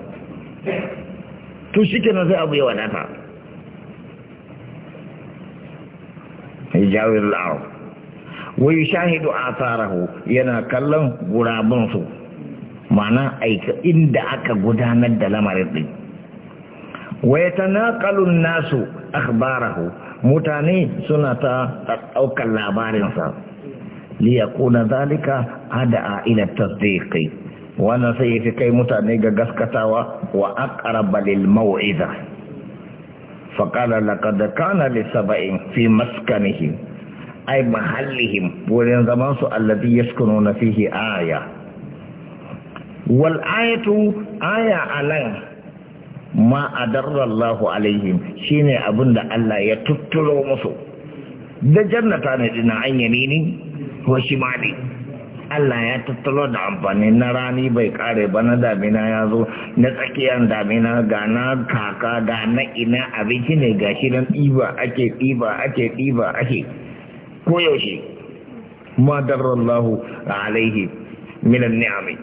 to shi kenan sai abu ya wadata hijawir wai shahidu asarahu yana kallon gurabinsu mana aika inda aka gudanar da lamarin din wai ta naƙalun nasu akhbarahu mutane suna ta ɗaukar labarinsa liyakuna zalika hada a ila tasdiqi wannan sai fi kai mutane ga gaskatawa wa aqraba lil mau'iza fa qala laqad kana li fi maskanihim ay mahallihim wurin zaman su alladhi yaskununa fihi aya wal'ayatu ayatu aya alan ma adarra Allahu alaihim shine abinda Allah ya tutturo musu da jannata ne dina an yamini wa shimali Allah ya tattalo da amfani na rani bai kare ba na damina ya zo na tsakiyar damina ga na kaka ga na ina abinci ne ga shi nan ɗiba ake ɗiba ake ɗiba ake koyaushe ma darrallahu alaihi minan ni'ami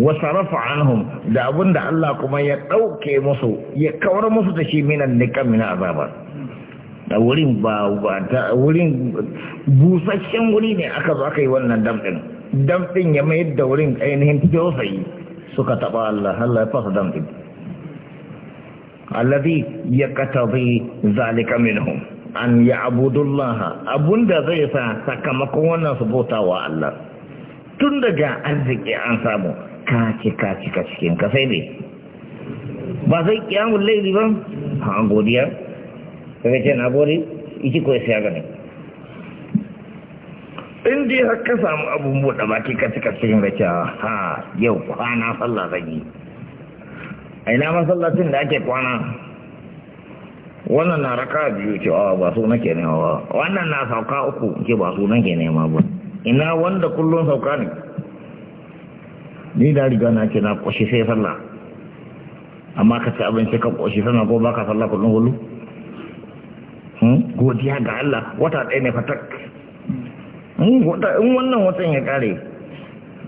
wa sarafa anhum da abin da Allah kuma ya ɗauke musu ya kawar musu da shi minan nikan mina azabar da wurin ba ta wurin busasshen wuri ne aka zo aka yi wannan damɗin damɗin ya mayar da wurin ainihin tausayi suka taɓa Allah Allah ya fasa damɗin alladhi katabi zalika minhum an ya'budullaha abunda zai sa sakamakon wannan su bautawa Allah tun daga arziki an samu kaci kaci ka cikin ka sai ne ba zai kiyamun laili ba ha godiya kaga na bori iki ko sai ga ne in dai har ka samu abun buɗe baki ka cika cikin rake ha yau kwana sallah zagi a ina masallacin da ake kwana wannan na raka biyu cewa a ba su nake nema wannan na sauka uku ke ba su nake nema ba ina wanda kullum sauka ne ni da riga na ce na ƙoshi sai sallah amma ka ci abinci ka ƙoshi sannan ko baka sallah kullum kullum godiya ga Allah wata ɗaya ne fatak hmm, in wannan watan ya ƙare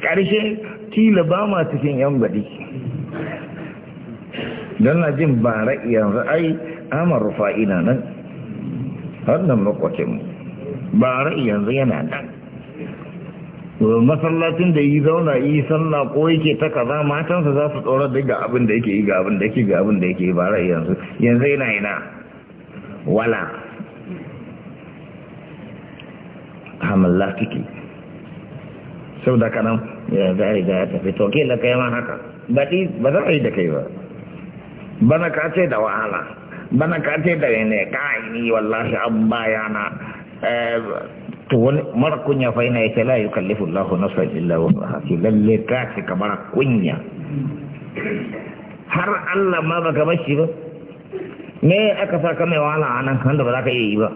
ƙarshe tila ba ma cikin yan baɗi don na jin ra'i yanzu ai amar rufa'i na nan wannan ba ra'i yanzu yana nan masallacin da yi zauna yi sallah ko yake ta kaza matansa za su tsoron da ga abin da yake yi ga abin da yake ga abin da yake ra'i yanzu yanzu yana yana wala hamalla kiki sau da kanan ya za a riga ya tafi toke da kai ma haka baɗi ba za a yi da kai ba bana ka ce da wahala bana ka ce da ne kai ni wallahi an baya na eh, to wani mara kunya fa yana yake la yukallifu na nafsan illa wusaha ki lalle ka ce ka mara kunya har Allah ma baka mashi ba me aka sa ka mai wahala anan kan da ba za ka iya yi ba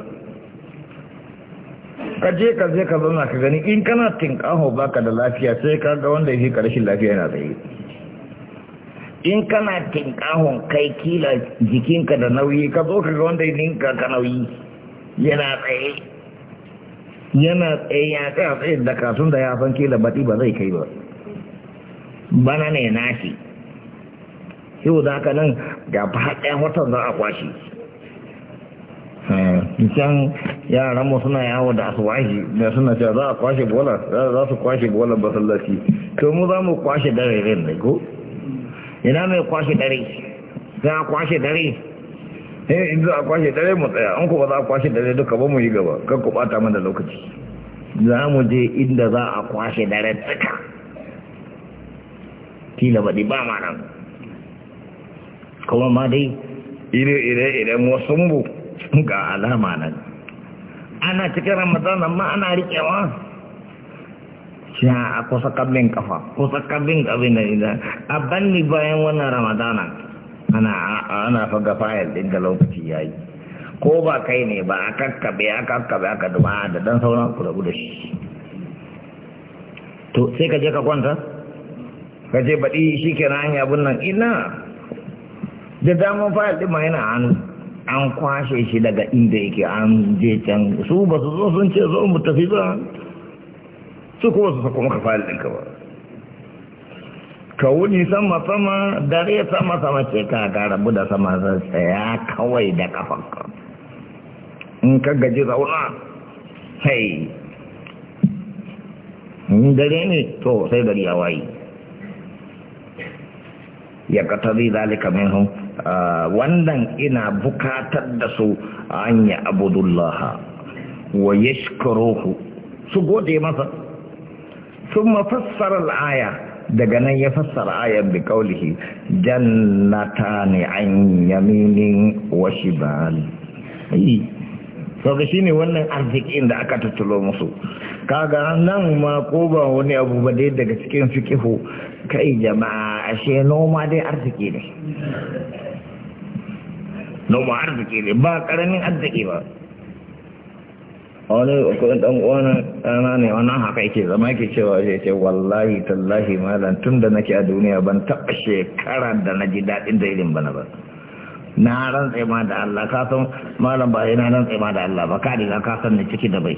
ka je ka je ka zauna ka gani in kana tinkaho baka da lafiya sai ka ga wanda yake karshen lafiya yana tsaye in kana tinkahon kai kila jikinka da nauyi ka zo ka ga wanda ninka ka nauyi yana tsaye yana tsaye ya tsaya tsaye da kasun da ya san kila baɗi ba zai kai ba bana ne nashi yau za ka nan ga faɗa watan za a kwashi eh, can yaran mu suna yawo da asuwahi da suna cewa za a kwashe bola za su kwashe bola masallaci to mu za mu kwashe dare rin ne ko ina mai kwashe dare za a kwashe dare eh in za a kwashe dare mu tsaya an kuma za a kwashe dare duka ba mu yi gaba kan ku bata mana lokaci za mu je inda za a kwashe dare tsaka kila di ba ma nan kuma ma dai ire-ire idan wasu mu ga alama nan ana cikin ramadan amma ana riƙewa ya a kusa kabin kafa kusa kabin kabin da ida a banni bayan wannan ramadana ana ana faga fayil din da lokaci yayi ko ba kai ne ba a kakkabe a kakkabe aka duma da dan sauran ku rabu da shi to sai ka je ka kwanta ka je baɗi shi ke na yi nan ina da damar fayil din ma yana hannu an kwashe shi daga inda yake an je can su ba su zo sun ce zo mu tafi ba su kuma su sako maka fayil ɗinka ba ka wuni sama sama dare sama sama ce ka ga rabu da sama tsaya kawai da kafanka in ka gaji zauna sai in dare ne to sai gari ya wayi ya katari zalika minhum Ah, wannan ina bukatar da su an yi abudullah wa shikarohu su gode masa sun mafassar al'aya daga nan ya fassara ayar bi kaulihi jannata ne an yaminin wa sauka shi ne wannan arzikin da aka tattalo musu kaga nan ma ko ba wani abu ba dai daga cikin fikihu kai jama'a ashe noma dai arziki ne noma arziki ne ba karamin arziki ba wani kudin dan uwana ɗana ne wannan haka yake zama yake cewa shi ce wallahi tallahi malam tun da nake a duniya ban taɓa shekara da na ji daɗin da irin bana ba na rantse ma da Allah ka san malam ba yana rantse ma da Allah ba ka riga ka san ni ciki da bai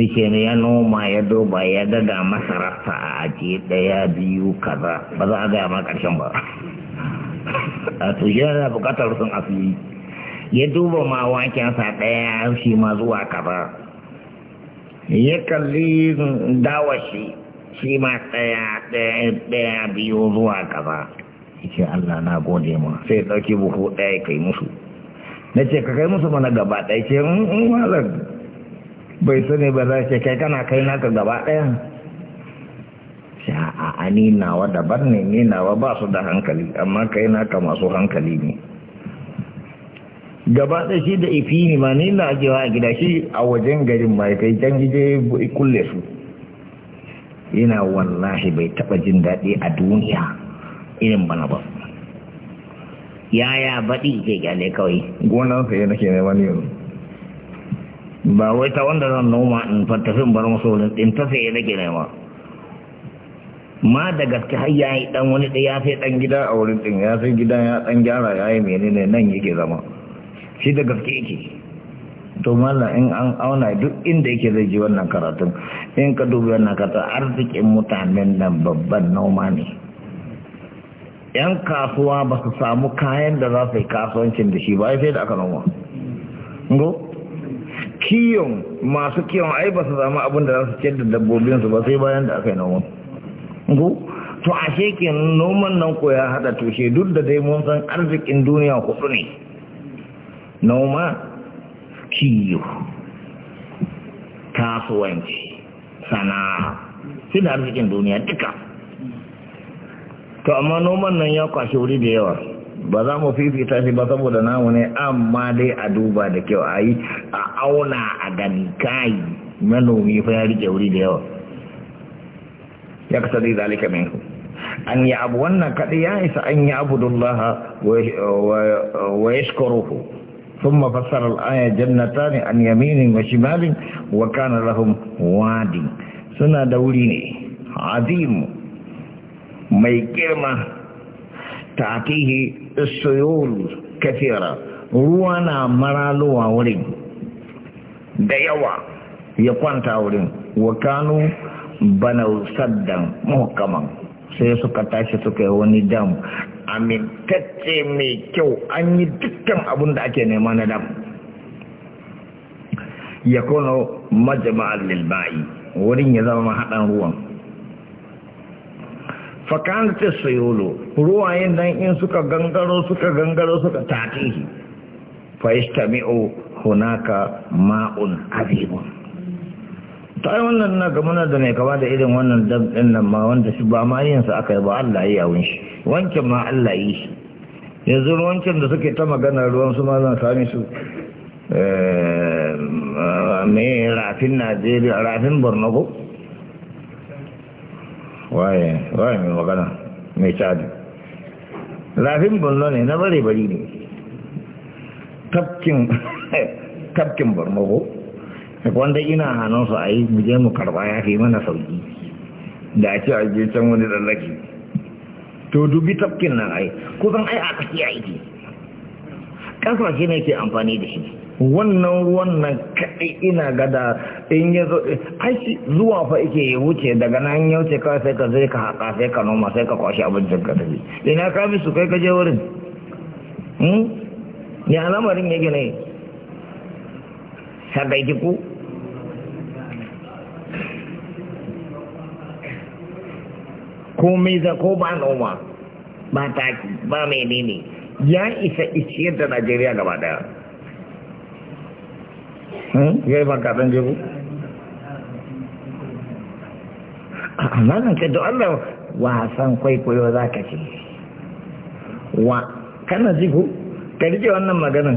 yake ne ya noma ya doba ya daga masararsa a ajiye ɗaya biyu kaza ba za a gaya ma ƙarshen ba a to shi yana bukatar rufin asiri ya duba ma wakensa ɗaya shi ma zuwa kaza ya kalli dawashi shi ma ɗaya ɗaya biyu zuwa kaza ce Allah na gode ma sai ɗauki buhu ɗaya kai musu na ce ka kai musu mana gaba ɗaya ce in mm, mm, malar bai sani ba za ce kai kana kai gaba ɗaya ma'ani nawa daban ne ni nawa ba su da hankali amma kai naka masu hankali ne gaba da shi da ifi ne ma ni na ajiyewa a gida shi a wajen garin ma kai can gije kulle su yana wallahi bai taba jin daɗi a duniya irin bana ba yaya baɗi ke gyale kawai gonan sai nake neman yanzu ba wai ta wanda zan noma in fattafin bar masu wurin in ta sai nake nema ma da gaske har yayi dan wani da ya sai dan gida a wurin din ya sai gidan ya dan gyara yayi menene nan yake zama shi da gaske yake to mallan in an auna duk inda yake zai ji wannan karatun in ka dubi wannan karatun arzikin mutanen nan babban noma ne yan kasuwa ba su samu kayan da za su yi kasuwancin da shi ba sai da aka noma ngo kiyon masu kiyon ai ba su samu abin da za su ciyar da dabbobinsu ba sai bayan da aka yi noma go to ashe ke noman nan ko ya hada tushe duk da dai mun san arzikin duniya hudu ne noma kiyo kasuwanci sana'a shi da arzikin duniya duka to amma noman nan ya kwashe wuri da yawa ba za mu fifita shi ba saboda namu ne amma dai a duba da kyau a yi a auna a gani kayi manomi fa ya rike wuri da yawa ya kasa zai zalika minhu an yi abu wannan kaɗai ya isa an yi abu dullaha wa ya shkoruhu sun mafassar al'ayar jannata ne an yaminin wa shimalin wa kana lahum wadi suna da wuri ne Azim mai girma ta atihi isoyol kafira ruwa na maralowa wurin da yawa ya kwanta wurin wa kanu Bana saddan muhkaman sai suka tashi suka yi wani dam amintacce mai kyau an yi dukkan abin da ake nema na dam ya kono majama'ar lilba'i wurin ya zama haɗan ruwan fakantar sayolo ruwayen nan in suka gangaro suka gangaro suka tatihi fa ishtami'u hunaka ma'un azibun ta yi wannan na ga muna da mai kama da irin wannan dab din nan ma wanda shi ba ma yin sa aka yi ba Allah ya yawun shi wancan ma Allah yi shi yanzu wancan da suke ta magana ruwan su ma zan sami su eh, mai rafin Najeriya rafin Borno ko waye waye mai magana mai cadi rafin Borno ne na bare bari ne tafkin tafkin Borno ko wanda ina hannun su a yi mu mu karba ya fi mana sauki da ake a je can wani lalaki. to dubi tafkin nan ai kusan ai a iji yake kasashe ne ke amfani da shi wannan wannan kaɗai ina gada in ya zo aiki zuwa fa ike ya wuce daga nan ya wuce kawai sai ka zai ka haƙa sai ka noma sai ka kwashe abincin ka tafi ina ka su kai ka je wurin hmm? ya lamarin ya gina sampai jiku komai za ko ba noma ba taki ba menene ya isa isiyar da najeriya gaba daya hmm? ya yi bankaɗin jiku a nan ka da allah wasan kwaikwayo za ka ce wa kana jiku ka rike wannan maganin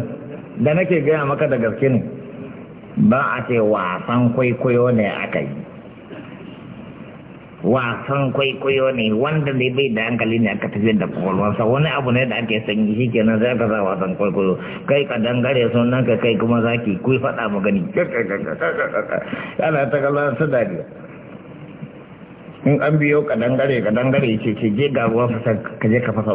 da nake gaya maka da gaske ne ba a ce wasan kwaikwayo ne aka yi wasan kwaikwayo ne wanda ne bai da hankali ne aka tafiyar da kwakwalwarsa wani abu ne da ake sanyi shi kenan sai aka sa wasan kwaikwayo kai ka dangare sunan ka kai kuma kuyi faɗa mu gani ana ta su an biyo ka dangare ka dangare ce ce je ga fasa ka je ka fasa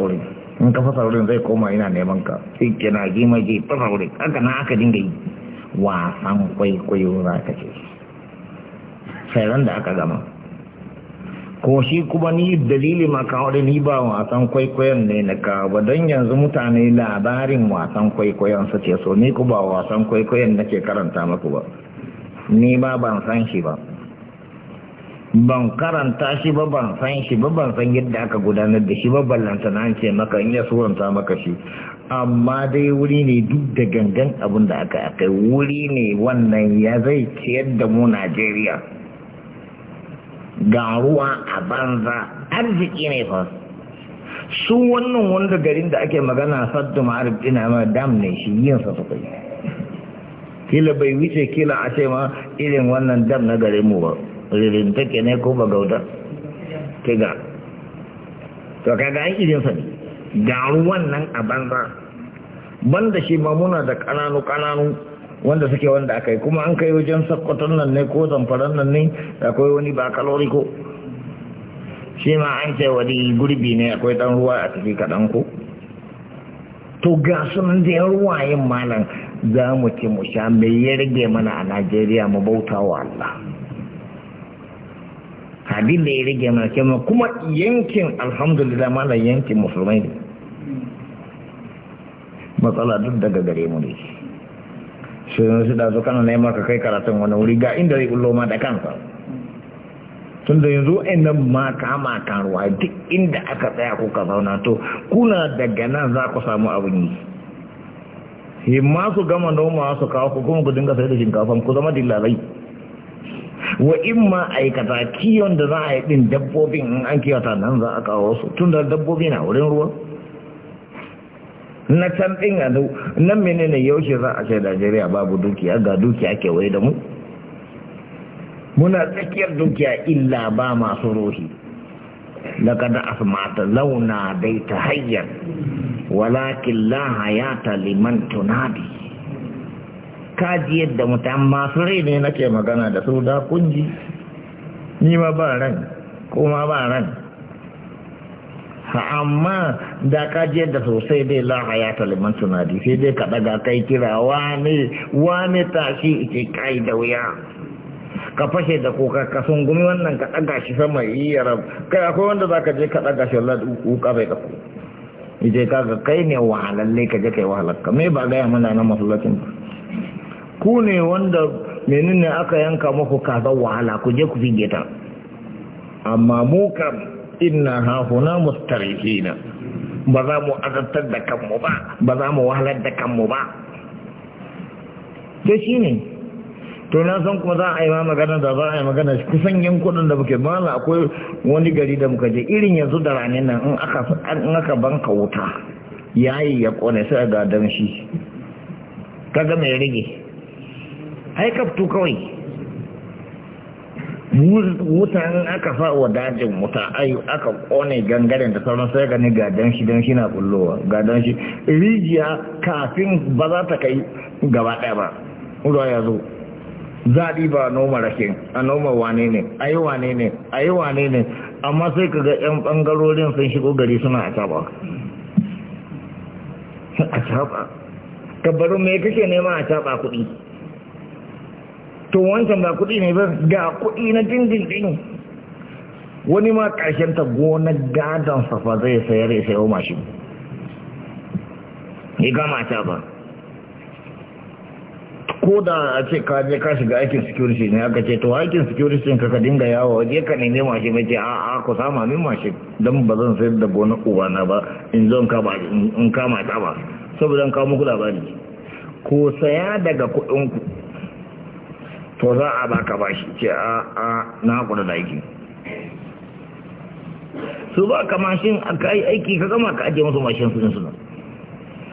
wurin zai koma ina neman ka shi kenan ji mai je fasa wurin haka na aka dinga yi wasan kwaikwayo za ka ce sai da aka gama ko shi kuma ni dalili ma kawo ni ba wasan kwaikwayon ne na kawo ba don yanzu mutane labarin wasan kwaikwayon su ce so ni ku ba wasan kwaikwayon nake karanta maku ba ni ba ban san shi ba ban karanta shi ba ban san shi ba ban san yadda aka gudanar da shi ba ballanta na ce maka in ya suranta maka shi amma dai wuri ne duk da gangan abin da aka akai wuri ne wannan ya zai ciyar da mu Najeriya ga ruwa a banza arziki ne fa su wannan wanda garin da ake magana saddu ma'arif ina ma dam ne shi yin sa sukai kila bai wuce kila a ce ma irin wannan dam na garin mu ba ririn take ne ko ba ke ga to kaga an irin sa ne ga wannan nan a banza banda shi ma muna da kananu kananu wanda suke wanda aka yi kuma an kai wajen sakkwaton nan ne ko zamfaran nan ne akwai wani ba kalori ko shi ma an ce wani gurbi ne akwai dan ruwa a tafi kaɗan ko to ga sunan da yan ruwayen malam za mu ci mu sha mai ya rage mana a najeriya mu bauta wa allah abin da ya rage mana kenan kuma yankin alhamdulillah mana yankin musulmai ne matsala duk daga gare mu ne shi su da su kana neman ka kai karatun wani wuri ga inda zai kullo ma da kansa tun da yanzu nan ma kama ruwa duk inda aka tsaya ko ka zauna to kuna daga nan za ku samu abin yi himma su gama noma su kawo ku kuma ku dinga sai da shinkafan ku zama dillalai wa in ma aikata kiyon da za a yi ɗin dabbobin in an kiyata nan za a kawo su tun da dabbobi na wurin ruwa na can ɗin a nan mene ne yaushe za a ce najeriya babu dukiya ga dukiya kewaye da mu muna tsakiyar dukiya illa ba masu rohi لقد أسمعت لو ناديت هيا ولكن لا حياة لمن تنادي kaji yadda mutum masu rai ne nake magana da su da kunji ni ma ba ran kuma ba ran amma da kaji yadda sosai dai la hayata liman tunadi sai dai ka daga kai kira "Wani wane tashi ke kai da wuya ka fashe da kuka ka sungumi wannan ka daga shi sama yi ya rab kai akwai wanda za ka je ka daga shi wallahi kuka bai da ku ije kaga kai ne wahalalle ka je kai wahalar ka me ba ga mana na masallacin ba ku ne wanda menene aka yanka muku kazan wahala ku je ku fige ta amma mu kam inna hahuna mustarihina ba za mu azabtar da kanmu ba ba za mu wahalar da kanmu ba shi ne. to na san kuma za a yi ma magana da za a yi magana kusan yankunan da muke mala akwai wani gari da muka je irin yanzu da ranar nan in aka banka wuta yayi ya kone sai ga damshi kaga mai rage haikaftu kawai wutan aka fa wa dajin wuta ayu aka kone gangaren da sauran sai gani ga danshi danshi na kullowa ga danshi rijiya kafin ba za ta kai gaba ɗaya ba ruwa ya zo zaɗi ba noma rashin a noma wane ne a yi wane ne a yi wane ne amma sai ka ga 'yan ɓangarorin sun shigo gari suna a caba a caba tabbarin mai kake nema a caba kuɗi to wancan ba kuɗi ne ba ga kuɗi na dindindin wani ma ƙarshen ta gonar gadon safa zai sayar ya sayo mashin Ya gama ta ba ko da a ce ka je ka shiga aikin security ne aka ce to aikin security ka ka dinga yawo waje ka ne mashin mai ce a'a ku sama min mashin don ba zan sayar da gonar uwana ba in zo in kama ta ba saboda in kawo muku labari ko saya daga ku. to za a baka bashi ce a a na hakura da aiki su ba ka mashin a ka yi aiki ka gama ka ajiye masu mashin su suna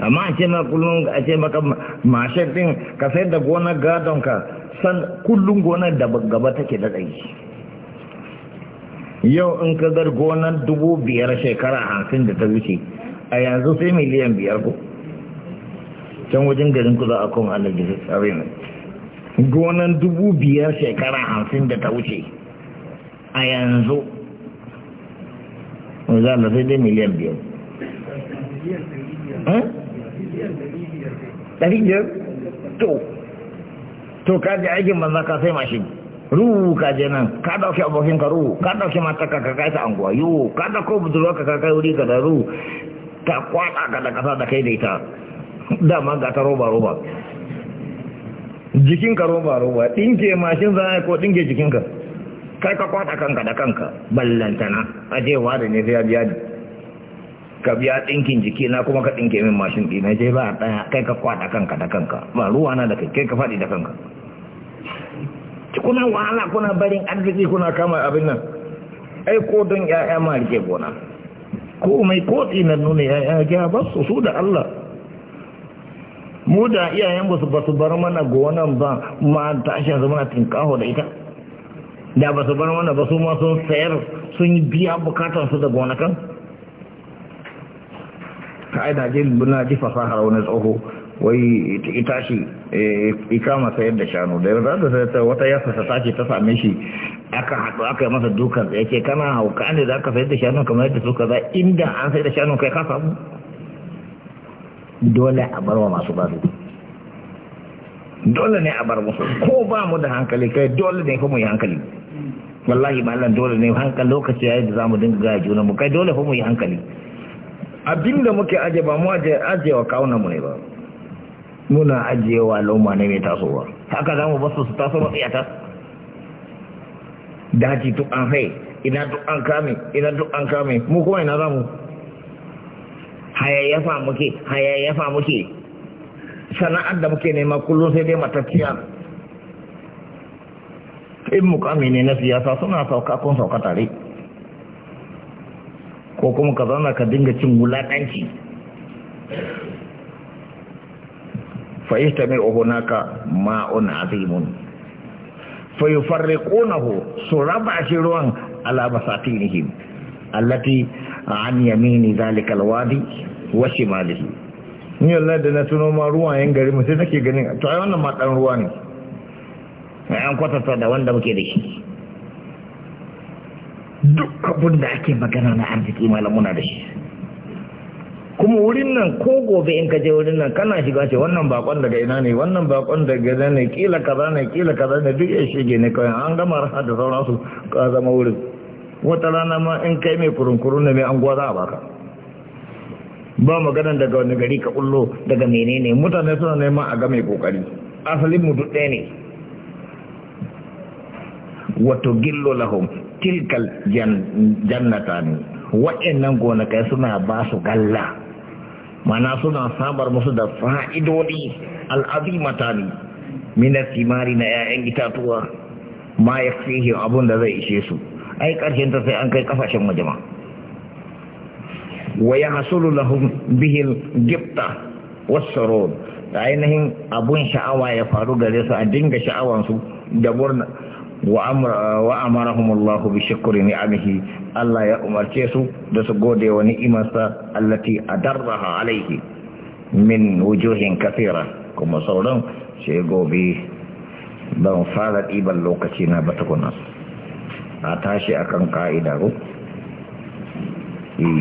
amma a ce ma kullum a ce maka mashin din ka sayar da gonar gadon ka san kullum gonar da gaba take da tsayi yau in ka gar gonar dubu biyar shekara hamsin da ta wuce a yanzu sai miliyan biyar ko can wajen garin ku za a kuma alaji abin gonan dubu biyar shekara hamsin da ta wuce a yanzu a sai dai miliyan biyar ɗari eh? biyar to to kaji aikin banza ka sai mashi ruhu ka je nan ka dauke abokin ka ruhu ka dauke mata ka kai ta anguwa yiwu ka dauko budurwa ka kai wuri ka da ruhu ta kwada ka da kasa da kai da ita dama ga ta roba roba jikinka roba roba ɗinke mashin za a yi ko jikinka kai ka kwata kanka da kanka ballantana a je ne sai ya biya ka biya ɗinkin jiki na kuma ka dinke min mashin ɗina je ba ɗaya kai ka kwata kanka da kanka ba ruwa na da kai kai ka faɗi da kanka kuna wahala kuna barin arziki kuna kama abin nan ai ko don 'ya'ya ma rike gona ko mai ko nuna 'ya'ya ga ba su su da Allah mu da iyayen ba su ba su bar mana gonan ba ma tashi yanzu muna tinkaho da ita da ba su bar mana ba su ma sun sayar sun yi biya bukatar su da gonakan ka ai da jin buna ji fasahar wani tsoho wai ita shi eh, ikama sayar da shanu da yadda da sai wata yasa ta tace ta same shi aka haɗu aka yi masa dukan ya ce kana hauka ne za ka sayar da shanu kamar yadda suka za inda an sayar da shanu kai ka samu dole a barwa masu basu dole ne a bar musu ko ba mu da hankali kai dole ne kuma yi hankali wallahi malam dole ne hankali lokaci yayin da zamu dinga gaya juna mu kai dole kuma yi hankali abinda muke aje ba mu aje wa kauna mu ne ba muna wa lauma ne mai tasowa haka zamu basu su taso iyata daji duk an hai ina duk an kame ina duk an kame mu kuma ina zamu hayayyafa muke hayayyafa muke sana'ar da muke nema kullum sai dai matacciya in mukami ne na siyasa suna sauka kun sauka tare ko kuma ka zauna ka dinga cin wulaƙanci fahimta mai ohunaka ma'un azimun fayufarriƙonahu su raba shi ruwan alamasatihim allati an yamini zalikal wadi wa shimalihi ni Allah da na tuno ma yan gari mu sai nake ganin to ai wannan ma dan ruwa ne an kwatanta da wanda muke da shi duk abin da ake magana na arziki malam muna da shi kuma wurin nan ko gobe in ka je wurin nan kana shiga ce wannan bakon daga ina ne wannan bakon daga ina ne kila kaza ne kila kaza ne duk ya shige ne kawai an gama rasa da sauransu ka zama wurin wata rana ma in kai mai furunkuru na mai anguwa za a baka ba maganan daga wani gari ka kullo daga menene mutane suna neman a ga mai kokari asalin mu ɗaya ne wato gillo lahum tilkal jannata ne wa'annan gonakai suna ba su galla mana suna samar musu da fa'idodi al'azimata ne minar simari na 'ya'yan itatuwa ma ya fiye abun da zai ishe su ai karshen ta sai an kai kafashen majama wa ya hasulu lahum bihil gifta wasarod da ainihin abun sha'awa ya faru gare su a dinga sha'awansu da murna wa amarahumullahu bi shukri ni'amihi Allah ya umarce su da su gode wa ni'imarsa allati adarraha alaihi min wujuhin kathira kuma sauran sai gobe ban fara ɗiban lokaci na ba tukunan a tashi akan ka'ida ko hmm.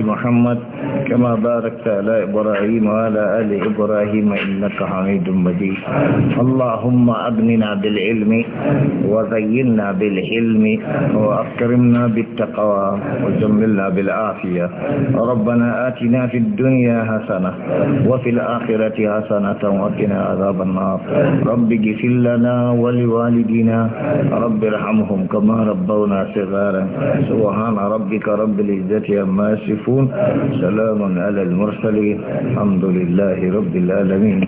محمد كما باركت على إبراهيم وعلى آل إبراهيم إنك حميد مجيد اللهم أبننا بالعلم وزيننا بالعلم وأكرمنا بالتقوى وجملنا بالعافية ربنا آتنا في الدنيا حسنة وفي الآخرة حسنة وقنا عذاب النار رب اغفر لنا ولوالدينا رب ارحمهم كما ربونا صغارا سبحان ربك رب العزة عما يصفون المترفون سلام على المرسلين الحمد لله رب العالمين